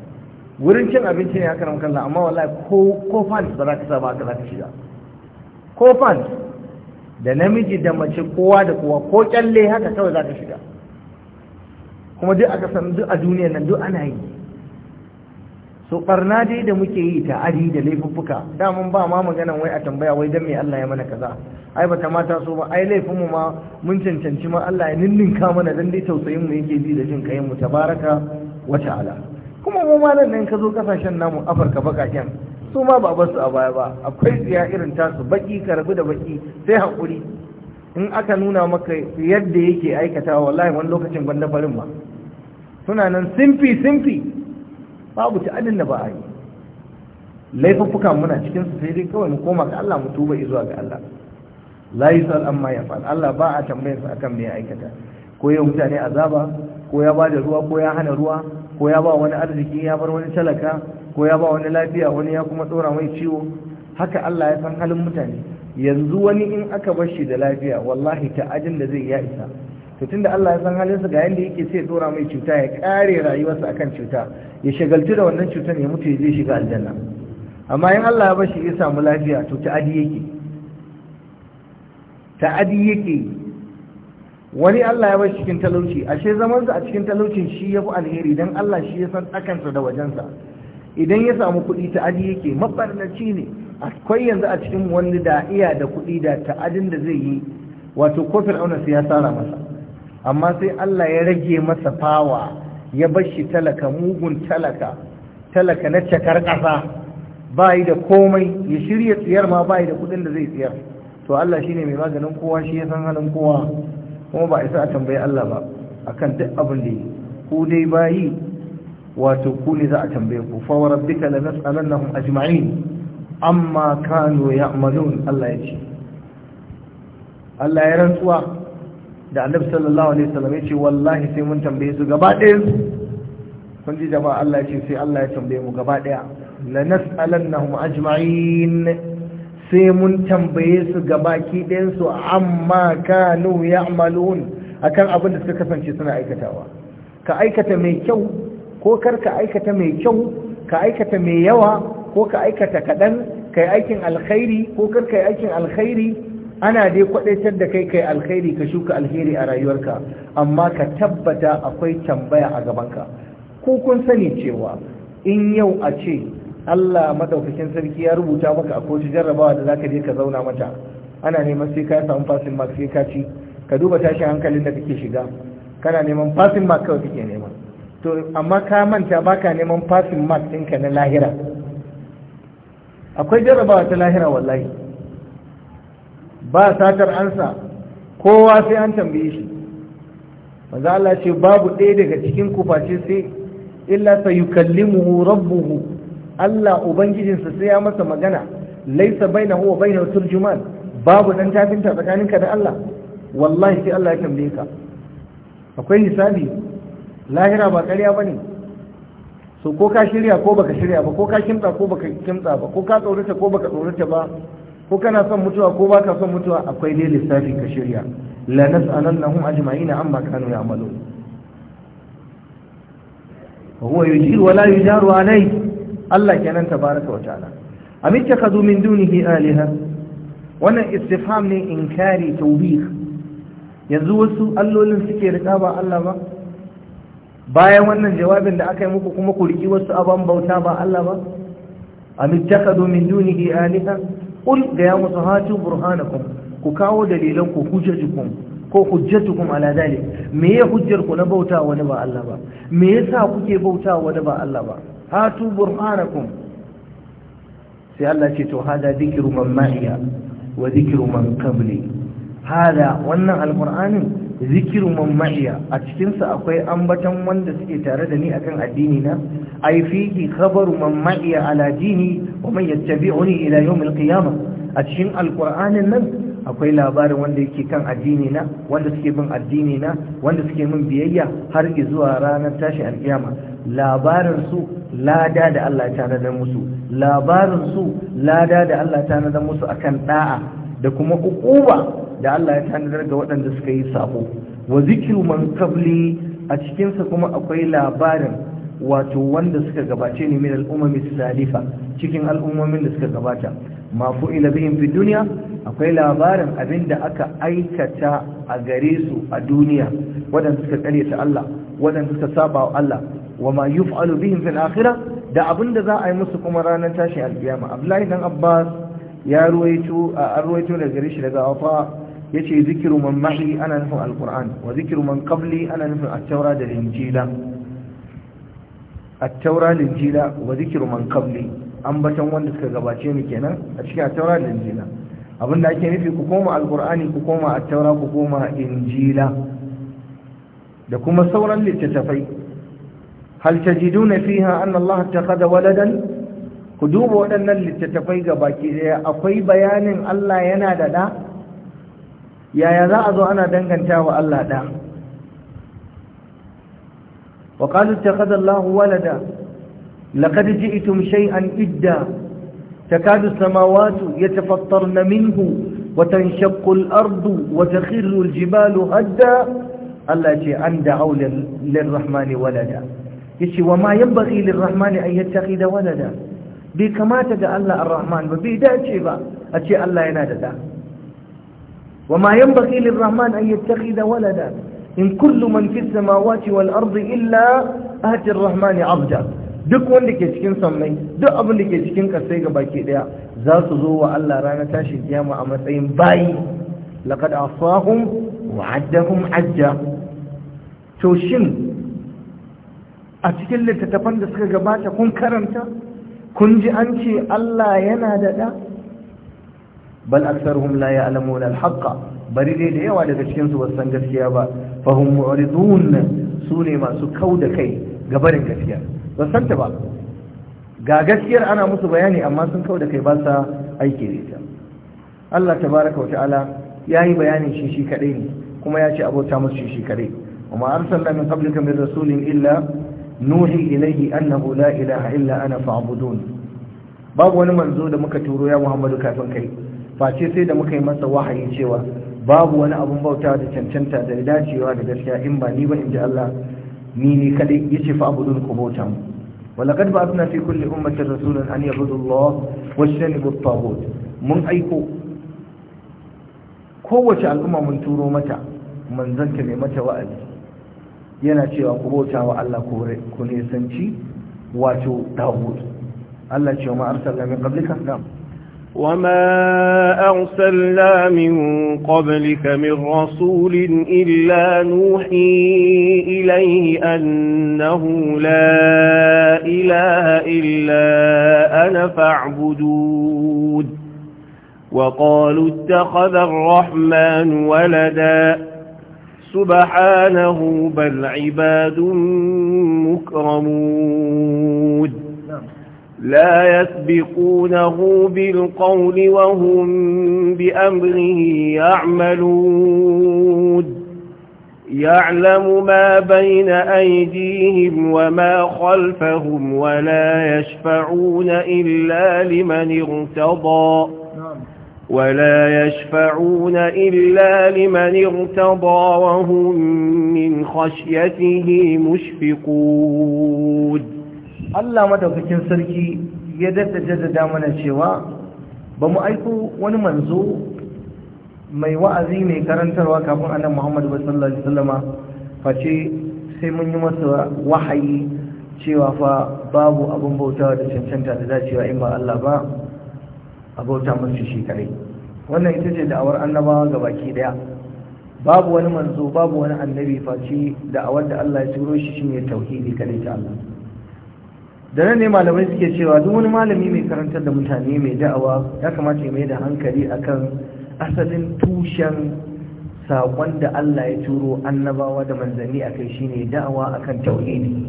S1: wurin cin abinci ne haka na kalla amma wallahi ko ko fans ba za ka saba ka za ka shiga ko fans da namiji da mace kowa da kowa ko kyalle haka kawai za ka shiga kuma duk aka san duk a duniyar nan duk ana yi so barna dai da muke yi ta adi da laifuffuka damun ba ma magana wai a tambaya wai dan me Allah ya mana kaza ai bata mata so ba ai laifinmu ma mun cancanci ma Allah ya ninninka mana dan dai tausayin mu yake ji da jin kayan mu tabaraka wa ta'ala kuma mu ma nan ka zo kasashen namu Afirka bakaken su ma ba basu a baya ba akwai tsiya irin tasu baki ka rabu da baki sai hakuri in aka nuna maka yadda yake aikatawa wallahi wani lokacin gwanda farin ba suna nan simfi simfi babu ta da ba a yi laifuffuka muna cikin su sai dai kawai mu koma ga Allah mu tuba zuwa ga Allah la yusal amma yafal Allah ba a tambayar sa akan me ya aikata ko ya mutane azaba ko ya bada ruwa ko ya hana ruwa ko ya ba wani arziki ya bar wani talaka ko ya ba wani lafiya wani ya kuma dora mai ciwo haka Allah ya san halin mutane yanzu wani in aka bar shi da lafiya wallahi ajin da zai ya isa to tunda Allah ya san halinsa ga yanda yake sai dora mai cuta ya kare rayuwarsa akan cuta ya shagaltu da wannan cutar ya mutu ya je shiga aljanna amma in Allah ya bashi ya samu lafiya to ta'adi yake adi yake wani Allah ya shi cikin talauci ashe zaman sa a cikin talaucin shi ya fi alheri dan Allah shi ya san tsakansa da wajensa idan ya samu kuɗi ta'adi yake mabarnaci ne akwai yanzu a cikin wani da da kuɗi da ta'adin da zai yi wato ko auna siyasa ya tsara masa amma sai Allah ya rage masa fawa ya bar shi talaka mugun talaka talaka na cakar ƙasa yi da komai ya shirya tsiyar ma yi da kudin da zai tsiyar to Allah shine mai maganin kowa shi ya san halin kowa kuma ba isa a tambayi Allah ba akan duk abin da ku dai bayi wato ku ne za a tambaye ku fa wa rabbika nas'alannahum ajma'in amma kanu ya'malun Allah ya ce Allah ya rantsuwa da annabi sallallahu alaihi wasallam ya ce wallahi sai mun tambaye su gaba ɗaya kun ji jama'a Allah ya ce sai Allah ya tambaye mu gaba ɗaya la nas'alannahum ajma'in sai mun tambaye su gaba ki ɗayan su amma kanu ya'malun akan abin da suka kasance suna aikatawa ka aikata mai kyau ko kar ka aikata mai kyau ka aikata mai yawa ko ka aikata kaɗan kai aikin alkhairi ko kar kai aikin alkhairi ana dai kwadaitar da kai kai alkhairi ka shuka alheri a rayuwarka amma ka tabbata akwai tambaya a gabanka ko kun sani cewa in yau a ce Allah madaukakin sarki ya rubuta maka a kotu jarrabawa da zaka je ka zauna mata ana neman sai ka samu fasin mark sai ka ci ka duba tashin hankalin da kake shiga kana neman fasin mark kawai kake nema to amma ka manta baka neman fasin mark ɗinka na lahira akwai jarrabawa ta lahira wallahi ba satar ansa kowa sai an tambaye shi manzo Allah ce babu ɗaya daga cikin ku face sai illa sayukallimuhu rabbuhu Allah ubangijinsa sai ya masa magana laisa bainahu wa bainahu turjuman babu dan tafinta tsakaninka da Allah wallahi sai Allah ya tambaye ka akwai misali lahira ba ƙarya bane so ko ka shirya ko baka shirya ba ko ka kimtsa ko baka kimtsa ba ko ka tsorata ko baka tsorata ba ko kana son mutuwa ko baka son mutuwa akwai dai lissafi ka shirya la nas'alannahum ajma'ina amma kanu ya'malun wa huwa yujiru wa la yujaru alayhi Allah kenan tabaraka wa ta'ala amitta ittakhadhu min dunihi alaha wannan istifham ne inkari tawbih yanzu wasu allolin suke rika ba Allah ba bayan wannan jawabin da aka yi muku kuma ku riki wasu aban bauta ba Allah ba amitta ittakhadhu min dunihi alaha kul ga ya musu hatu burhanakum ku kawo dalilan ku hujjatukum ko hujjatukum ala dalik me ya hujjar ku na bauta wani ba Allah ba me yasa kuke bauta wani ba Allah ba hatu burhanakum sai Allah ce to hada dhikru man ma'iya wa dhikru man qabli hada wannan alqur'anin zikiru man ma'iya a cikinsa akwai ambatan wanda suke tare da ni akan addini na ai fihi khabaru man ma'iya ala dini wa man yattabi'uni ila yawm qiyamah a cikin alqur'anin nan akwai labarin wanda yake kan addini na wanda suke bin addini na wanda suke min biyayya har zuwa ranar tashi alkiyama labarin su lada da Allah ya musu labarin su lada da Allah ya musu akan da'a da kuma ukuba da Allah ya tanadar ga waɗanda suka yi sabo wa zikiru man a cikinsa kuma akwai labarin wato wanda suka gabace ne min al'ummami salifa cikin al'ummomin da suka gabata ma fu'ila bihim fi dunya akwai labarin abinda aka aikata a gare su a duniya waɗanda suka kare ta Allah waɗanda suka saba wa Allah wa ma yuf'alu bihim fil akhirah da abinda za a yi musu kuma ranar tashi alkiyama Abdullahi dan Abbas ya ruwaito a ruwaito daga gare shi daga Afa yace zikiru man ma'i ana nufin alquran wa zikiru man qabli ana nufin Attaura da Linjila. Attaura, Linjila, wa zikiru man qabli ambatan wanda suka gabace mu kenan a cikin Attaura taura da injila abinda ake nufi ku koma alqurani ku koma Attaura, ku koma injila da kuma sauran littattafai hal tajiduna fiha anna Allah taqada waladan ku duba waɗannan littattafai ga baki daya akwai bayanin Allah yana da da yaya za a zo ana danganta wa Allah da wa qalu ittakhadha Allahu walada laqad itum shay'an idda takadu as ya yatafattarna minhu watan tanshaqqu al-ardu wa takhirru jibalu hadda Allah ce an da'u lir-rahmani walada yace wa ma yabba lir-rahmani an yattakhidha walada bai kamata ga Allah ar-rahman ba bai dace ba a ce Allah yana da da وما ينبغي للرحمن أن يتخذ ولدا إن كل من في السماوات والأرض إلا آتي الرحمن عبدا duk wanda ke cikin sammai duk abin da ke cikin kasai ga baki daya za su zo wa Allah rana tashi kiyama a matsayin bayi laqad afahum wa ajja to shin a cikin littattafan da suka gabata kun karanta kun ji an ce Allah yana da da bal aktharuhum la ya'lamuna al-haqqa bari dai da yawa daga cikin su san gaskiya ba fahum mu'ridun sune masu kauda kai ga barin gaskiya ba san ta ba ga gaskiyar ana musu bayani amma sun kauda kai ba sa aiki da ita Allah tabaraka wa ta'ala yayi bayanin shi shi kadai ne kuma ya ce abota musu shi shi kadai وما أرسلنا من قبلك من رسول إلا نوحي إليه أنه لا إله إلا أنا فاعبدون باب ونمنزو دمك تورو يا محمد كافن كريم face sai da muka yi masa wahayi cewa babu wani abun bauta da cancanta da dacewa da gaskiya in ba ni ba in ji Allah ni ne kadai yace fa abudun ku bauta mu walaqad ba'athna fi kulli ummatin rasulan an yabudu Allah wajtanibu ne taghut mun aiko kowace al'umma mun turo mata manzanta mai mata wa'azi yana cewa ku bauta wa Allah ku nisanci wato taghut Allah ce ma arsalna min qablika na'am
S2: وما أرسلنا من قبلك من رسول إلا نوحي إليه أنه لا إله إلا أنا فاعبدون وقالوا اتخذ الرحمن ولدا سبحانه بل عباد مكرمون لا يسبقونه بالقول وهم بأمره يعملون يعلم ما بين أيديهم وما خلفهم ولا يشفعون إلا لمن ارتضى ولا يشفعون إلا لمن ارتضى وهم من خشيته مشفقون Allah
S1: madaukakin sarki ya dadda jaddada mana cewa ba mu aiko wani manzo mai wa'azi mai karantarwa kafin annabi Muhammad sallallahu alaihi wasallama face sai mun yi masa wahayi cewa fa babu abin bautawa da cancanta da dacewa in ba Allah ba a bauta masu shi kare wannan ita ce da'awar annabawa ga baki daya babu wani manzo babu wani annabi face da'awar da Allah ya turo shi shine tauhidi kare ta Allah da nan ne malamai suke cewa duk wani malami mai karantar da mutane mai da'awa ya kamata ya mai da hankali akan asalin tushen saƙon da Allah ya turo annabawa da manzanni a kai shine da'awa akan tauhidi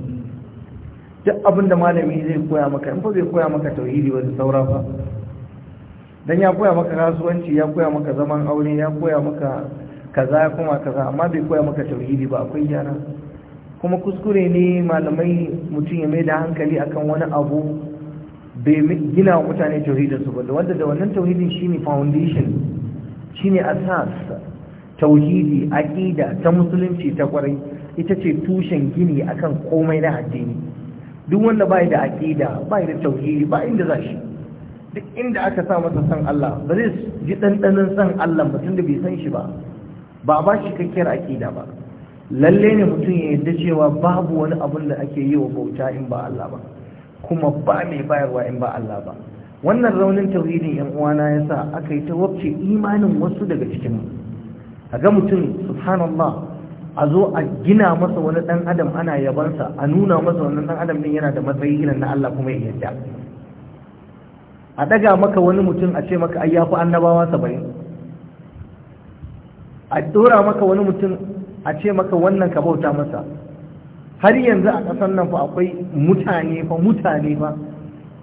S1: duk abin da malami zai koya maka in fa zai koya maka tauhidi wani saura fa dan ya koya maka kasuwanci ya koya maka zaman aure ya koya maka kaza kuma kaza amma bai koya maka tauhidi ba akwai gyara. kuma kuskure ne malamai mutum ya mai da hankali akan wani abu bai gina wa mutane tauhidin su ba wanda da wannan tauhidin shine foundation shine asas tauhidi aqida ta musulunci ta kwarai ita ce tushen gini akan komai na addini duk wanda bai da aqida bai da tauhidi ba inda za shi duk inda aka sa masa san Allah ba zai ji dandanan san Allah mutum da bai san shi ba ba ba shi kakkiyar aqida ba lalle ne mutum ya yadda cewa babu wani abun da ake yi wa bauta in ba Allah ba kuma ba mai bayarwa in ba Allah ba wannan raunin tauhidin yan uwana yasa aka yi tawabce imanin wasu daga cikin mu a ga mutum subhanallah a zo a gina masa wani dan adam ana yabansa a nuna masa wannan dan adam din yana da matsayi irin na Allah kuma ya yadda a daga maka wani mutum a ce maka ayyafu yafi annabawa 70 a dora maka wani mutum a ce maka wannan ka bauta masa har yanzu a ƙasar nan fa akwai mutane fa mutane fa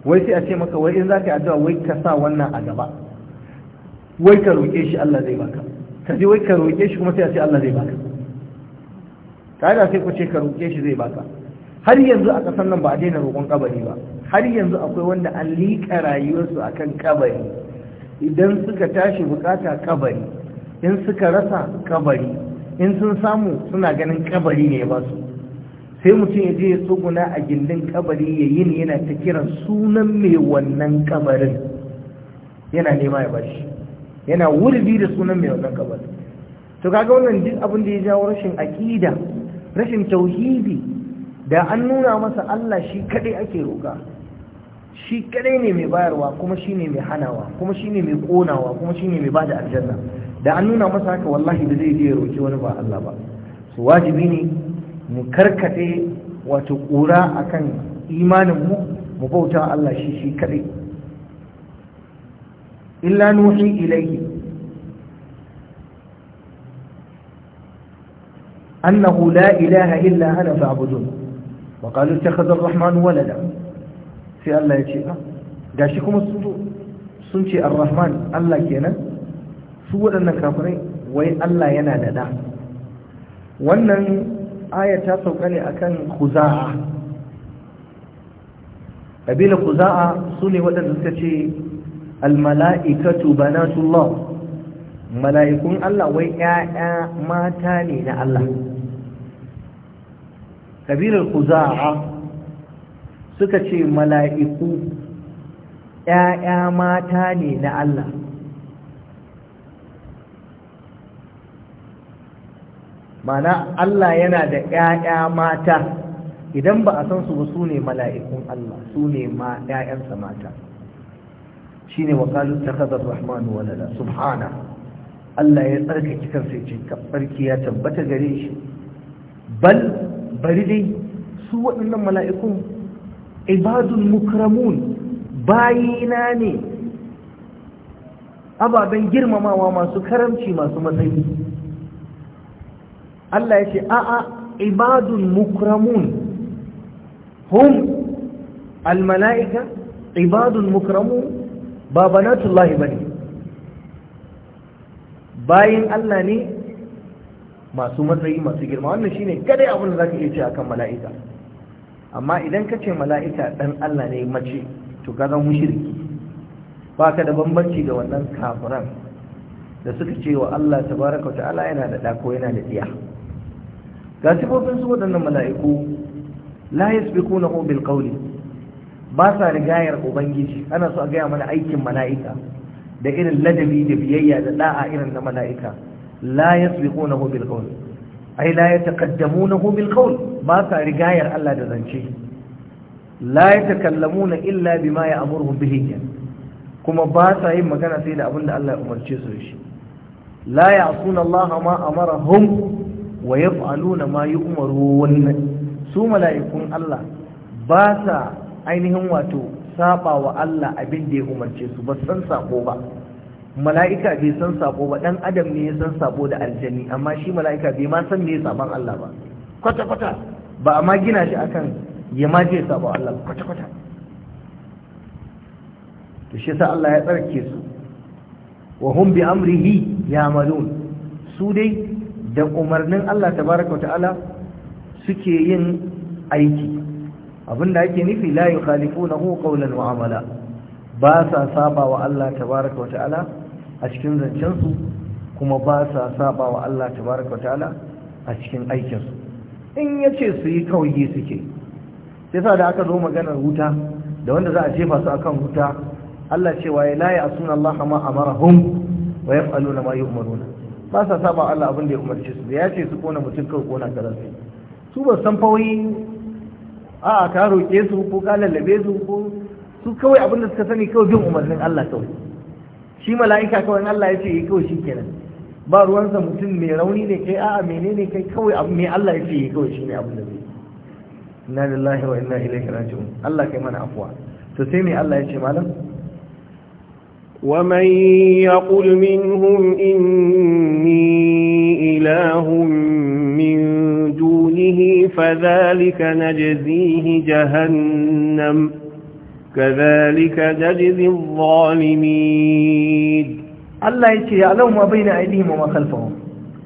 S1: wai sai a ce maka wai in za ka yi addu'a wai ka sa wannan a gaba wai ka roƙe shi Allah zai baka ka je wai ka roƙe shi kuma sai a ce Allah zai baka ga sai ku ce ka roƙe shi zai baka har yanzu a ƙasar nan ba a daina roƙon kabari ba har yanzu akwai wanda an liƙa rayuwarsu akan kabari idan suka tashi bukata kabari in suka rasa kabari in sun samu suna ganin kabari ne ya ba su sai mutum ya je ya tsuguna a gindin kabari ya yi yana ta kiran sunan mai wannan kabarin yana nema ya bashi yana wurbi da sunan mai wannan kabarin to kaga wannan duk abin da ya jawo rashin aqida rashin tauhidi da an nuna masa Allah shi kadai ake roka shi kadai ne mai bayarwa kuma shine mai hanawa kuma shine mai konawa kuma shine mai bada aljanna da an nuna masa haka wallahi da zai je ya roki wani ba Allah ba su wajibi ne mu karkade wato kura akan imanin mu mu bauta Allah shi shi kadai illa nuhi ilayhi annahu la ilaha illa ana fa'budun wa qalu ittakhadha ar-rahman walada sai Allah ya ce ah, gashi kuma sun ce ar-rahman Allah kenan su waɗannan kafirai wai Allah yana da da wannan aya ta sauka ne akan kuzaa. kabila kuzaa su ne waɗanda suka ce almala'ikatu banatullah mala'ikun Allah wai ƴaƴa mata ne na Allah kabilar kuzaa suka ce mala'iku ƴaƴa mata ne na Allah mana Allah yana da 'ya'ya mata idan ba a san su ba su ne mala'ikun Allah su ne ma ƴaƴansa mata shine wa qalu takhadha ar-rahmanu walada subhana Allah ya tsarkake kansa ce kafarki ya tabbata gare shi bal bari dai su waɗannan mala'ikun Ibadun mukramun bayina ne ababen girmamawa masu karamci masu matsayi Allah ya ce a'a ibadun mukramun hum almala'ika ibadun mukramun ba banatullahi bane bayin Allah ne masu matsayi masu girma wannan shine kadai abin da zaka iya ce akan mala'ika amma idan ka ce mala'ika dan Allah ne mace to ka zama mushriki da bambanci da wannan kafiran da suka ce wa Allah tabaraka wa ta'ala yana da ɗako yana da diya ga sifofin su waɗannan mala'iku la kuna bil qawli ba sa rigayar ubangiji ana so a gaya mana aikin mala'ika da irin ladabi da biyayya da da'a irin na mala'ika la yasbiqunahu bil qawli ai la na bil qawli ba sa rigayar Allah da zance la yatakallamuna illa bi ma bima ya'muruhum bihi kuma ba sa yin magana sai da abin da Allah ya umarce su shi la ya'suna Allah ma amarahum wa ya yaf'aluna ma wannan, su mala'ikun Allah ba sa ainihin wato saba wa Allah abin da ya umarce su ba san sako ba mala'ika bai san sako ba ɗan adam ne ya san sako da aljanni amma shi mala'ika bai ma san me ya saban Allah ba kwata kwata ba a ma gina shi akan ya ma je saba Allah kwata kwata to shi yasa Allah ya tsarke su wa hum bi amrihi ya'malun su dai da umarnin Allah tabaraka ta'ala suke yin aiki abinda ake nufi la yukhalifunahu qawlan wa amala ba sa saba wa Allah tabaraka ta'ala a cikin zancensu kuma ba sa saba wa Allah tabaraka ta'ala a cikin aikinsu in yace su yi kawai suke sai sa da aka zo maganar wuta da wanda za a jefa su akan wuta Allah cewa ya layi a sunan Allah ma amarahum wa yaf'aluna ma yu'maruna ba sa saba Allah abin da ya umarce su da ya ce su kona mutum kawai kona ta rasu su ba san fawai a ka roƙe su ko ka lallabe su ko su kawai abin da suka sani kawai bin umarnin Allah kawai shi mala'ika kawai Allah ya ce yi kawai shi kenan ba ruwansa mutum mai rauni ne kai a'a menene kai kawai abu mai Allah ya ce yi kawai shi ne abin da zai inna lillahi wa inna ilaihi raji'un Allah kai mana afuwa to sai me Allah ya ce malam
S2: ومن يقل منهم إني إله من دونه فذلك نجزيه جهنم كذلك نجزي الظالمين الله
S1: يتي يعلم ما بين أيديهم وما خلفهم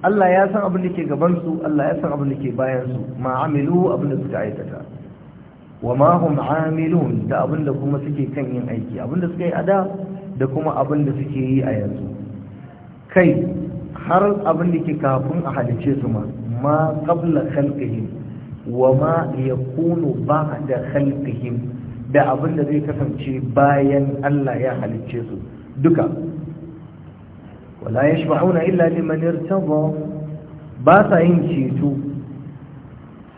S1: الله يسمع أبن لكي قبنسوا الله يسمع أبن لكي باينسوا ما عملوه أبن لكي وما هم عاملون ده أبن لكم سكي كان ينعيكي أبن لكي أداء da kuma abin da suke yi a yanzu kai har abin da ke kafin a halice su ma ma qabla khalqihim wa ma yakunu ba'da khalqihim da abin da zai kasance bayan Allah ya halice su duka wala yashba'una illa liman irtada ba sa yin ceto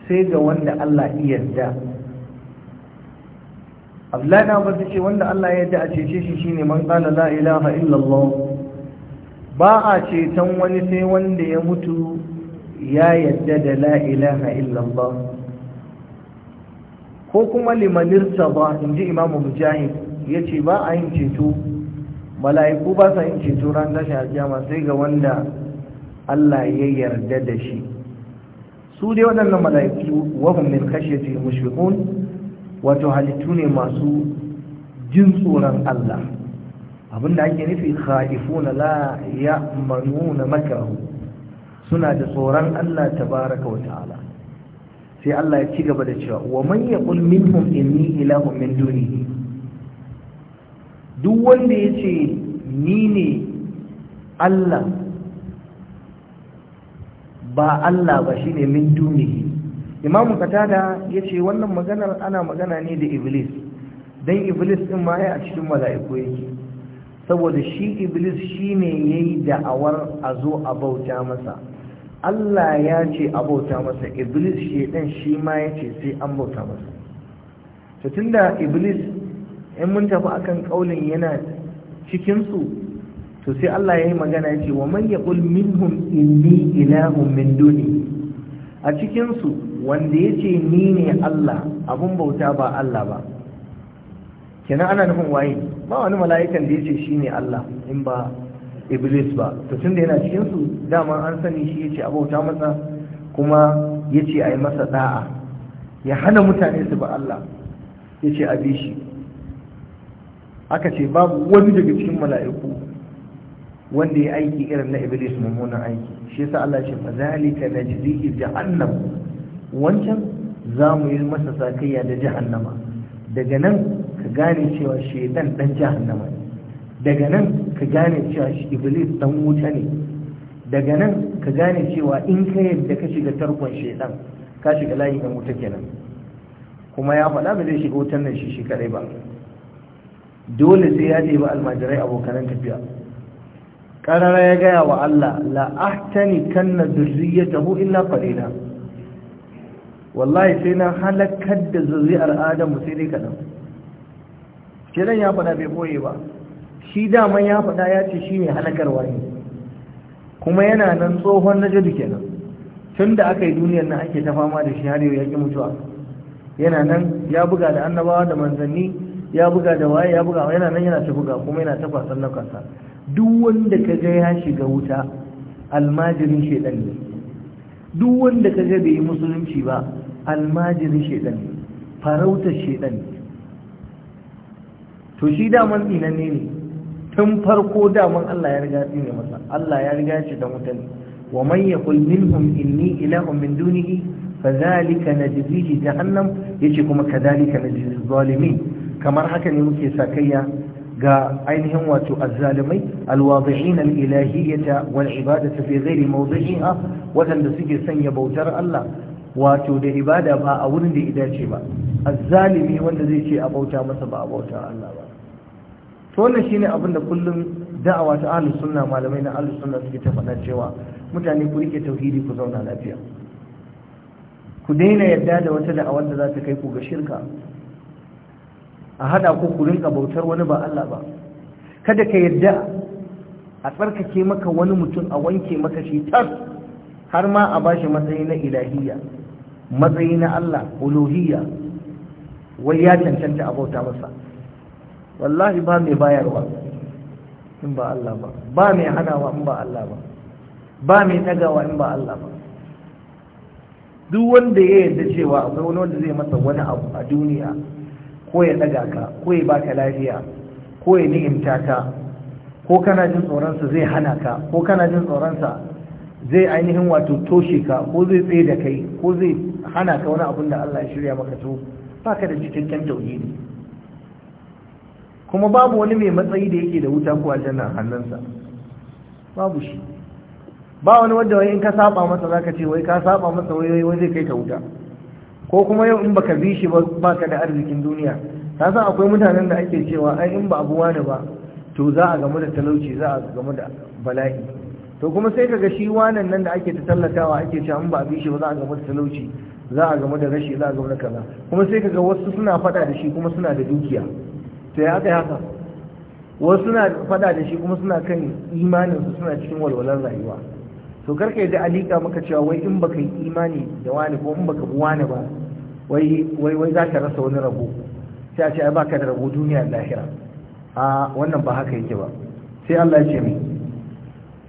S1: sai ga wanda Allah iya yarda abdullahi na ba ce wanda Allah ya a cece shi shine man qala la ilaha illallah ba a ceton wani sai wanda ya mutu ya yarda da la ilaha illallah ko kuma limanir ba inji imamu mujahid yace ba a yin ceto mala'iku ba sa yin ceto ran tashin aljama sai ga wanda Allah ya yarda da shi su dai waɗannan mala'iku wahum min khashyati mushfiqun wato halittu ne masu jin tsoron Allah abinda ake nufi khaifuna la ya'manuna makarahu suna da tsoron Allah tabaraka wa ta'ala sai Allah ya ci gaba da cewa wa man yaqul minhum inni ilahun min dunihi duk wanda yace ni ne Allah ba Allah ba shine min imamu katada ya ce wannan maganar ana magana ne da iblis don iblis ɗin ma ya a cikin mala'iku yake saboda shi iblis shi ne ya yi da'awar a zo a bauta masa allah ya ce a bauta masa iblis shaidan shi ma ya ce sai an bauta masa to tunda iblis in mun tafi akan kaulin yana cikinsu to sai allah ya yi magana ya ce wa man yaqul minhum inni ilahun min duni a cikinsu wanda ya ce ni ne Allah abun bauta ba Allah ba kenan ana nufin waye ba wani mala'ikan da ya ce shi ne Allah in ba iblis ba to tun da yana cikinsu dama an sani shi ya ce abauta masa kuma ya ce a yi masa da'a ya hana mutane su ba Allah ya ce a shi aka ce babu wani daga cikin mala'iku wanda ya aiki irin na iblis mummunan aiki shi yasa Allah ce zalika najzihi jahannam wancan za mu yi masa sakayya da jahannama daga nan ka gane cewa shaitan dan jahannama ne daga nan ka gane cewa iblis dan wuta ne daga nan ka gane cewa in ka yadda ka shiga tarkon shaitan ka shiga layi dan wuta kenan kuma ya faɗa ba zai shiga wutan nan shi shi kadai ba dole sai ya ɗebi almajirai abokanan tafiya ƙarara ya gaya wa Allah la ahtani kanna zurriyatahu illa qalila wallahi sai na halakar da zuri'ar adamu sai dai kaɗan shirin ya faɗa bai boye ba shi daman ya faɗa ya ce shi ne halakarwa ne kuma yana nan tsohon na jadu kenan tun da aka yi duniyar nan ake ta fama da shi har yau ya ƙi mutuwa yana nan ya buga da annabawa da manzanni ya buga da waye ya buga yana nan yana ta buga kuma yana ta kwasan na kwasa duk wanda ka ga ya shiga wuta almajirin shedan ne duk wanda ka ga bai yi musulunci ba almajiri shedan farautar shedan to shi daman tsinanne ne tun farko daman Allah ya riga da masa Allah ya riga shi da mutane wa man yaqul minhum inni ilahun min dunihi fadhalika najzihi jahannam yace kuma kadhalika najzi zalimin kamar haka ne muke sakayya ga ainihin wato azzalimai alwadi'in alilahiyata wal ibadatu fi ghairi mawdi'iha wadanda suke sanya bautar Allah wato da ibada ba a wurin da ita ce ba azzalimi wanda zai ce a bauta masa ba a bauta Allah ba to wannan shine abin da kullum da'awa ta ahlus sunna malamai na ahlus sunna suke ta faɗa cewa mutane ku rike tauhidi ku zauna lafiya ku daina yadda da wata da da za ta kai ku ga shirka a hada ku ku rinka bautar wani ba Allah ba kada ka yadda a tsarkake maka wani mutum a wanke maka shi tas har ma a bashi matsayi na ilahiyya matsayi na Allah uluhiyya wai ya cancanta a masa wallahi ba mai bayarwa in ba Allah ba ba mai hanawa in ba Allah ba ba mai tagawa in ba Allah ba duk wanda ya yarda cewa akwai wani wanda zai masa wani abu a duniya ko ya daga ka ko ya baka lafiya ko ya ni'imta ka ko kana jin tsoronsa zai hana ka ko kana jin tsoronsa zai ainihin wato toshe ka ko zai tsaye da kai ko zai hana ka wani abun da Allah ya shirya maka to ka da cikakken tauhidi kuma babu wani mai matsayi da yake da wuta ko aljanna a hannunsa babu shi ba wani wanda wai in ka saba masa zaka ce wai ka saba masa wai wai zai kai ka wuta ko kuma yau in baka bi shi ba ka da arzikin duniya Ta san akwai mutanen da ake cewa ai in ba abuwa ne ba to za a gamu da talauci za a gamu da bala'i to kuma sai kaga shi wannan nan da ake ta tallatawa ake cewa in ba a bi shi ba za a gamu da talauci za a gamu da rashi za a gamu da kaza kuma sai kaga wasu suna fada da shi kuma suna da dukiya
S2: to ya kai haka
S1: wasu suna fada da shi kuma suna kan imanin su suna cikin walwalar rayuwa to karka da alika maka cewa wai in baka yi imani da wani ko in baka bi wani ba wai wai wai za ka rasa wani rabo sai a ce ai baka da rabo duniya da lahira
S2: a wannan ba haka yake ba sai Allah ya ce mai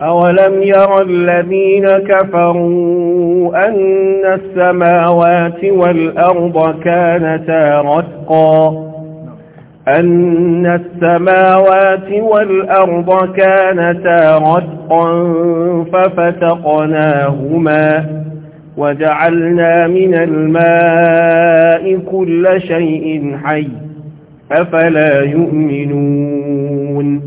S2: أولم ير الذين كفروا أن السماوات والأرض كانتا رتقا أن السماوات والأرض كانتا رتقا ففتقناهما وجعلنا من الماء كل شيء حي أفلا يؤمنون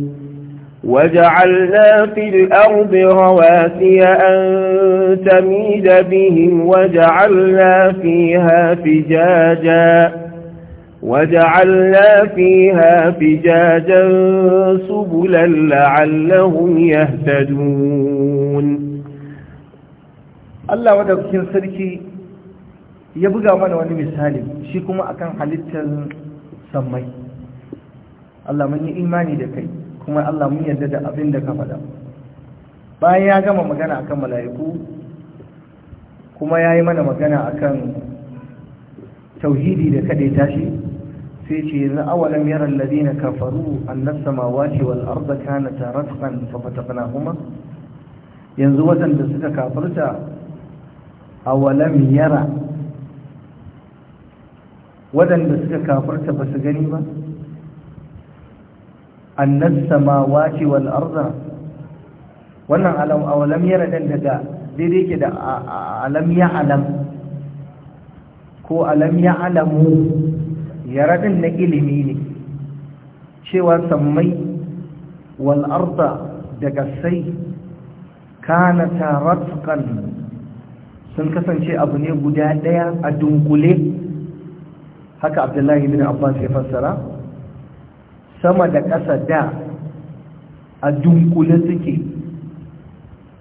S2: وجعلنا في الأرض رواسي أن تميد بهم وجعلنا فيها فجاجا وجعلنا فيها فجاجا سبلا لعلهم يهتدون الله ودك كن سركي
S1: يبقى من وني مثالي شكما أكن حلت سمي الله مني إيماني دكي kuma Allah mun yarda da abin da ka faɗa bayan ya gama magana akan mala'iku kuma ya yi mana magana akan tauhidi da kaɗai tashi sai ce yanzu awalam yaran ladina kafaru annas samawati wal arda kanata ratqan fa fataqnahuma yanzu waɗanda suka kafirta awalam yara waɗanda suka kafirta ba su gani ba annas samawati wal arda wannan alam awalam yara dan daga daidai ke da alam ya alam ko alam ya alamu yara din na ilimi ne cewa sammai wal arda daga sai ta ratqan sun kasance abu ne guda daya a dunkule haka abdullahi bin abbas ya fassara sama da ƙasa da a dunkule suke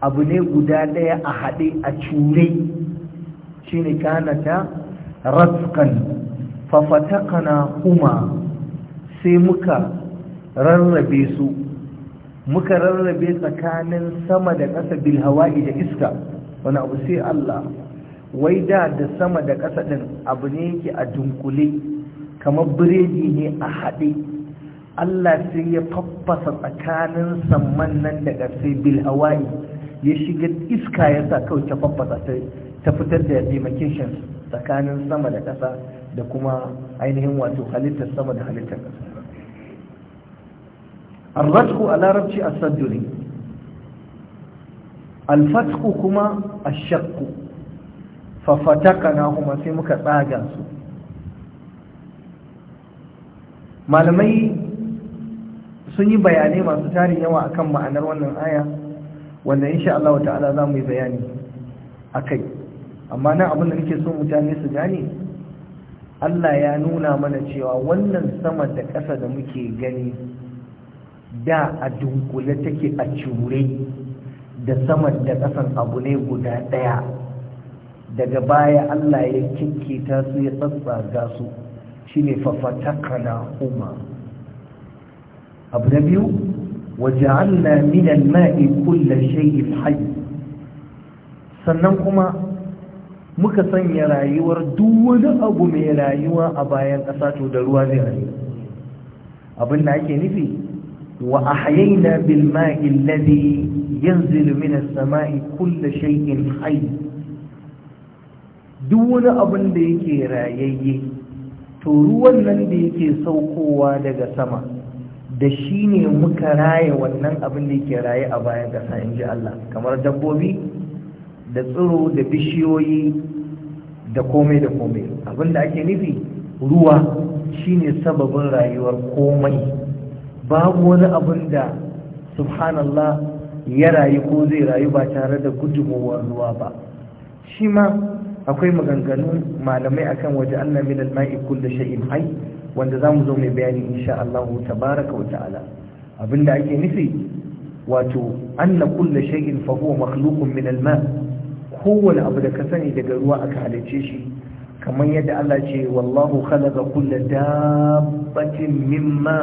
S1: abu ne guda ɗaya a haɗe a cure shi ne kanata raskan fafatakana kuma sai muka rarrabe su muka rarrabe tsakanin sama da ƙasa bilhawa'i da iska wani abu sai Allah wai da da sama da ƙasa ɗin abu ne yake a dunkule kamar biredi ne a haɗe Allah sai ya faffasa tsakanin samman nan daga sai bil hawaii ya shiga iska ya sa kawai ta faffasa ta fitar da demarcation tsakanin sama da ƙasa da kuma ainihin wato halittar sama da halittar ƙasa a a larabci الرجح kuma a shakku, الفتح na kuma sai muka tsaga su. malamai sun yi bayanai masu tarin yawa akan ma'anar wannan aya wanda insha Allah ta'ala za mu yi bayani akai amma nan abin da nake so mutane su gane Allah ya nuna mana cewa wannan sama da ƙasa da muke gani da a dunkule take a cure da sama da ƙasan abu ne guda ɗaya daga baya Allah ya kinkita su ya tsatsaga su shine kana umar abu na biyu waje min al-ma'i kulla shay'in hayy sannan kuma muka sanya rayuwar duk wani abu mai rayuwa a bayan ƙasa to da ruwa zai rayu abin da ake nufi wa ahyayna bil ma'i alladhi yanzilu min samai kulla shay'in hayy duk wani abin da yake rayayye to ruwan nan da yake saukowa daga sama da shi ne muka raye wannan abin da yake raye a bayan ƙasa in ji Allah kamar dabbobi da tsiro da bishiyoyi da komai da komai abin da ake nufi ruwa shi ne sababin rayuwar komai babu wani abin da subhanallah ya rayu ko zai rayu ba tare da gudunmowar ruwa ba shi ma akwai maganganu malamai akan waje Allah min al da kullu hai wanda za mu zo mai bayani insha Allah tabaraka wa ta'ala abinda ake nufi wato anna kulla shay'in fa huwa makhluqun min al-ma kowane abu da ka sani daga ruwa aka halice shi kamar yadda Allah ce wallahu khalaqa kulla dabbatin mimma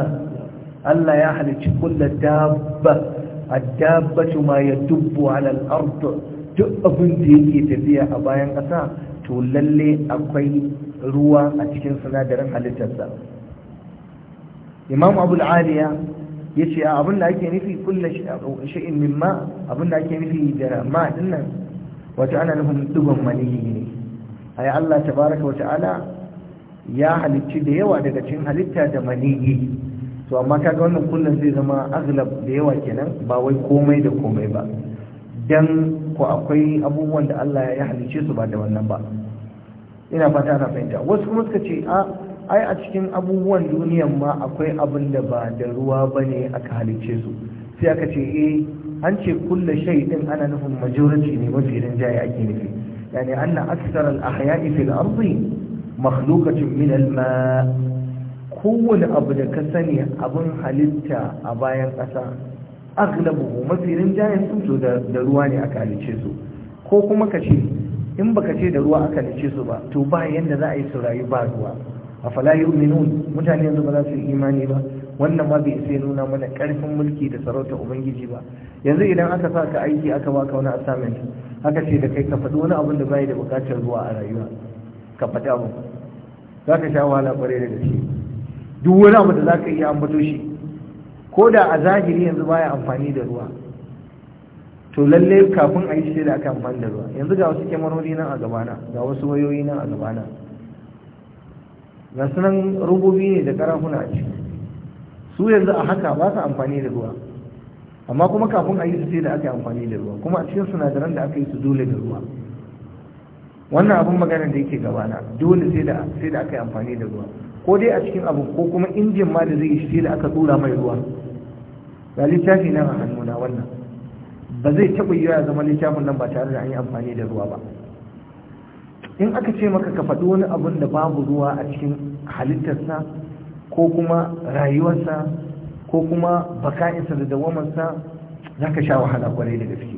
S1: Allah ya halicci kulla dabba ad-dabbatu ma yadubbu 'ala al-ard duk abin da yake tafiya a bayan ƙasa to lalle akwai ruwa a cikin sinadarin halittarsa imam abul aliya ya ce a abin da ake nufi kulla shi'in min ma abin da ake nufi da ma dinnan wato ana nufin dugon maniyi ne ai Allah tabaraka wa ta'ala ya halicci da yawa daga cikin halitta da maniyi to amma kaga wannan kullun zai zama aglab da yawa kenan ba wai komai da komai ba dan ko akwai abubuwan da Allah ya halicce su ba da wannan ba ina fata na fahimta wasu kuma suka ce a ai a cikin abubuwan duniyan ma akwai abin da ba da ruwa ba ne aka halicce su sai aka ce eh an ce kulle shai din ana nufin majority ne mafi rinjaye ake nufi yani anna aksar al-ahya'i fil ardi makhluqatun min al-ma kowane abu da ka sani abin halitta a bayan ƙasa aglabu mafi rinjayen su da ruwa ne aka halicce su ko kuma ka ce in baka ce da ruwa aka dace su ba to ba yanda za a yi su rayu ba ruwa a fala yu'minun mutane yanzu ba za su yi imani ba wannan ma bai sai nuna mana karfin mulki da sarauta ubangiji ba yanzu idan aka sa ka aiki aka baka wani assignment aka ce da kai ka faɗi wani abin da bai da buƙatar ruwa a rayuwa ka faɗi abu za ka sha wahala ƙwarai da gaske duk wani abu da za ka iya ambato shi ko da a zahiri yanzu baya amfani da ruwa to lalle kafin a yi shi da aka amfani da ruwa yanzu ga wasu kyamarori nan a gabana ga wasu wayoyi nan a gabana ga nan rububi ne da karafuna a ciki su yanzu a haka ba su amfani da ruwa amma kuma kafin a yi su sai da aka amfani da ruwa kuma a cikin sinadaran da aka yi su dole da ruwa wannan abin magana da yake gabana dole sai da aka yi amfani da ruwa ko dai a cikin abu ko kuma injin ma da zai yi sai da aka tura mai ruwa ga littafi nan a hannuna wannan ba zai taɓa yi ya zama littafin nan ba tare da an yi amfani da ruwa ba in aka ce maka ka faɗi wani abun da babu ruwa a cikin halittarsa ko kuma rayuwarsa ko kuma baka'insa da dawamarsa za ka sha wahala kwarai da gaske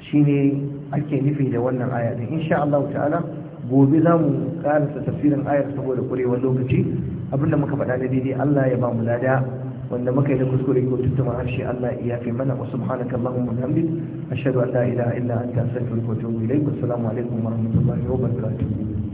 S1: shi ne ake nufi da wannan aya din insha Allah ta'ala gobe za mu karasa tafsirin ayar saboda kurewar lokaci abinda muka faɗa da daidai Allah ya ba mu lada wanda muka yi da kuskure ko tuttuma harshe Allah ya fi mana wa subhanaka Allahumma wa bihamdik ashhadu an la ilaha illa anta astaghfiruka wa atubu ilaik assalamu alaikum wa rahmatullahi wa barakatuh